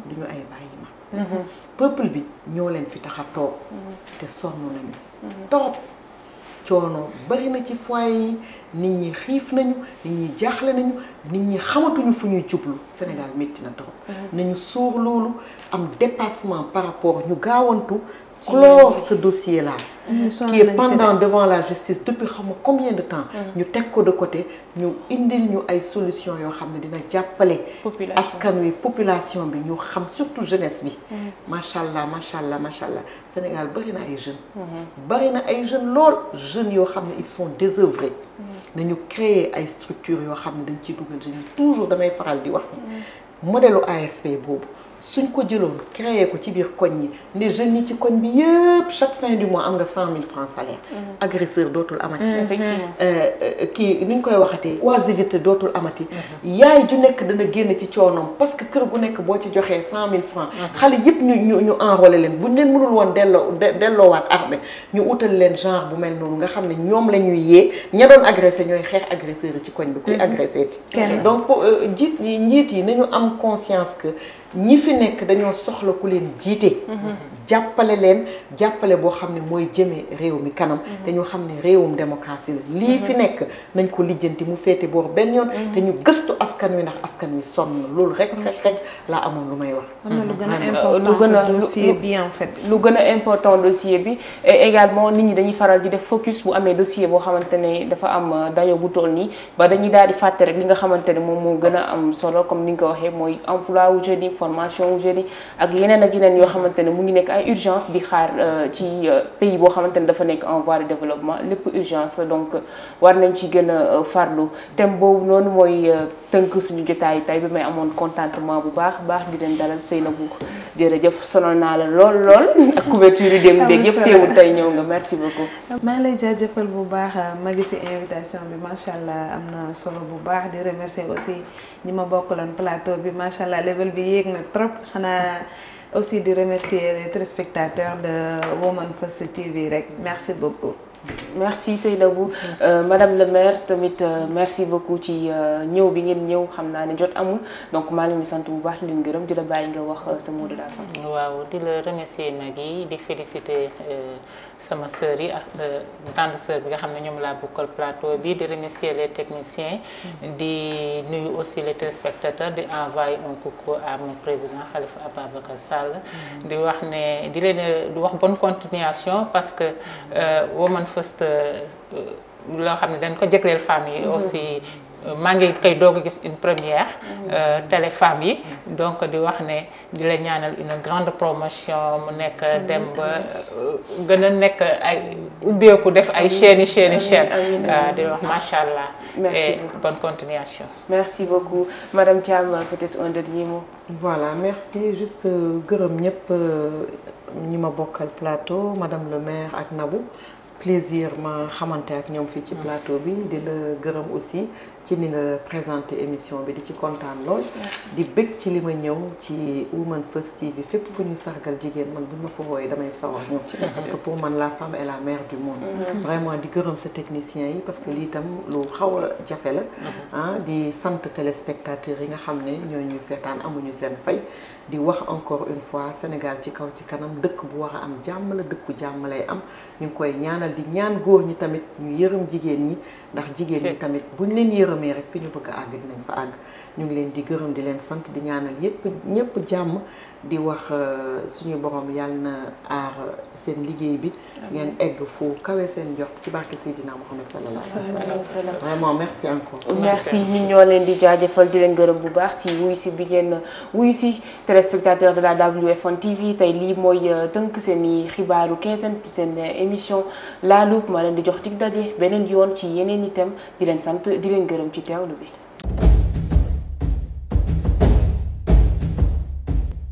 duñu ay bàyyi ma Mm-hmm. peuple bi ñoo leen fi tax a mm-hmm. te sonn nañu mm-hmm. torop coono bari na ci foyer yi nit ñi xiif nañu nit ñi jaaxle nañu nit ñi xamatuñu fu ñuy jublu Sénégal métti na torop nañu suur loolu am dépassement par rapport ñu gaawantu clore ce dossier là mmh, qui est pendant devant la justice depuis xam nga combien de temps mmh. ñu teg ko de côté ñu indil ñu ay solution yoo xam ne dina jàppale askan wi population bi ñu xam surtout jeunesse bi mmh. macha allah macha allah macha allah Sénégal bari na ay jeunes bëri na ay jeunes lool jeunes yoo xam ne ils sont désœuvrés nañu créer ay structures yoo xam ne dañ ciy dugal jeunes yi toujours damay faral di wax ni modèle ASP boobu suñ ko jëloon créer ko ci biir koñ yi ne jeunes yi ci koñ bi yëpp chaque fin du mois am nga cent mille francs salaire mm-hmm. agresseur dootul amati mm-hmm, euh, euh, kii ni ñu koy waxatee oisiveté dootul amati mm-hmm. yaay ju nekk dana génn ci coonom parce que kër gu nekk boo ci joxee cent mille francs xale yëpp ñu ñu ñu enrôlé leen buñ leen mënul woon delloo delloowaat armée ñu utal leen genre bu mel noonu nga xam ne ñoom la ñuy yee ña doon agressé ñooy xeex agresseur yi ci koñ bi kuy agressé ti donc yi euh, njiit yi nañu am conscience ñi fi nekk dañoo soxla ku leen jiite. jàppale leen jàppale boo xam ne mooy jëme réew mi kanam. dañoo xam ne réewum démocratie la. lii fi nekk nañ ko lijjanti mu féete boor benn yoon. te ñu gëstu askan wi ndax askan wi sonn loolu rek rek amoon lu may wax. lu gën a important dossier bi en lu gën a important dossier bi et également ñi dañuy faral di def focus bu amee boo xamante ne dafa am euh, dayo bu toll nii ba dañuy daal di fàtte rek li nga xamante ne moom moo gën a am solo comme ni nga ko waxee mooy emploi wu jeune formation jeunes yi ak yeneen ak yeneen yoo xamante mu ngi nekk ay urgence di xaar euh, ci euh, pays boo xamante dafa nekk en voie de développement lépp urgence donc euh, war nañ ci gën a farlu thème boobu noonu mooy tënk suñu jotaay tay bi may amoon contentement bu baax baax di leen dalal Seynabou jërëjëf sonal naa la lool lool ak couverture yi démb déeg yëpp teewul tey ñëw nga merci beaucoup maa ngi lay jaajëfal bu baax ma gis invitation bi macha allah am na solo bu baax di remercier aussi ñi ma bokk na trop xanaa aussi di remercier les téléspectateurs de Woman First TV rek merci beaucoup. merci Seynabou euh, madame le maire tamit euh, merci beaucoup ci euh, ñëw bi ngeen ñëw xam naa ne jot amul donc maa ngi leen di sant bu baax di leen gërëm di la bàyyi nga wax euh, sa mot de la fin. waaw di la remercier nag yi di euh, sama sœur yi ak grande bi nga xam ne ñoom laa bokkal plateau bi di remercier les technicien mm-hmm. di nuyu aussi les téléspectateurs di envoyer un coucou à mon président Khalifa Ababacar Sall. Mm-hmm. di wax ne di leen di wax bonne continuation parce mm-hmm. woman first euh, loo xam ne dañ ko jëgleel femmes yi mhm. aussi euh, maa ngi koy doog gis une première mhm. euh, télé femmes yi mhm. donc di wax ne di la ñaanal une grande promotion mu nekk dem ba gën a nekk ay ubbeeku def ay chaînes yi chaînes yi chaînes di wax macha allah. merci continuation. merci beaucoup madame Thiam peut-être un dernier mot. voilà merci juste gërëm ñëpp ñi ma bokkal plateau madame le maire ak Nabou. plaisir ma xamante ak ñoom fii ci mm. plateau bi di la gërëm aussi ci ni nga présenté émission bi di ci kontaan lool. di bëgg ci li ma ñëw ci Women First TV fépp fu ñu sargal jigéen man bu ma fa wooyee damay sawar. parce que man la femme la mère du monde. Mm-hmm. vraiment di gërëm sa technicien yi parce que lii tam lu xaw a jafe la. Mm-hmm. ah di sant téléspectateurs yi nga xam ne ñoo ñuy seetaan amuñu seen fay. di wax encore une fois Sénégal ci kaw ci kanam dëkk bu war a am jàmm la dëkku jàmm lay am ñu ngi koy ñaanal di ñaan góor ñi tamit ñu yërëm jigéen ñi ndax jigéen ñi tamit buñ leen yërëm gërëmee rek fi ñu bëgg a àgg dinañ fa àgg ñu ngi leen di gërëm di leen sant di ñaanal yépp ñépp jàmm di wax euh, suñu borom yàlla na aar seen liggéey bi ngeen egg fu kawee seen jox ci barke Seydina Mouhamed sallallahu alayhi wa sallam vraiment merci encore merci ñoo leen di jaajëfal di leen gërëm bu baax si wuyu si bi ngeen wuyu si téléspectateur de la WFM TV tey lii mooy euh, tënk seen i xibaaru quinzaine ci seen euh, émission La ma leen di jox dig daje beneen yoon ci yeneen itam di leen sant di leen gërëm ci teewlu bi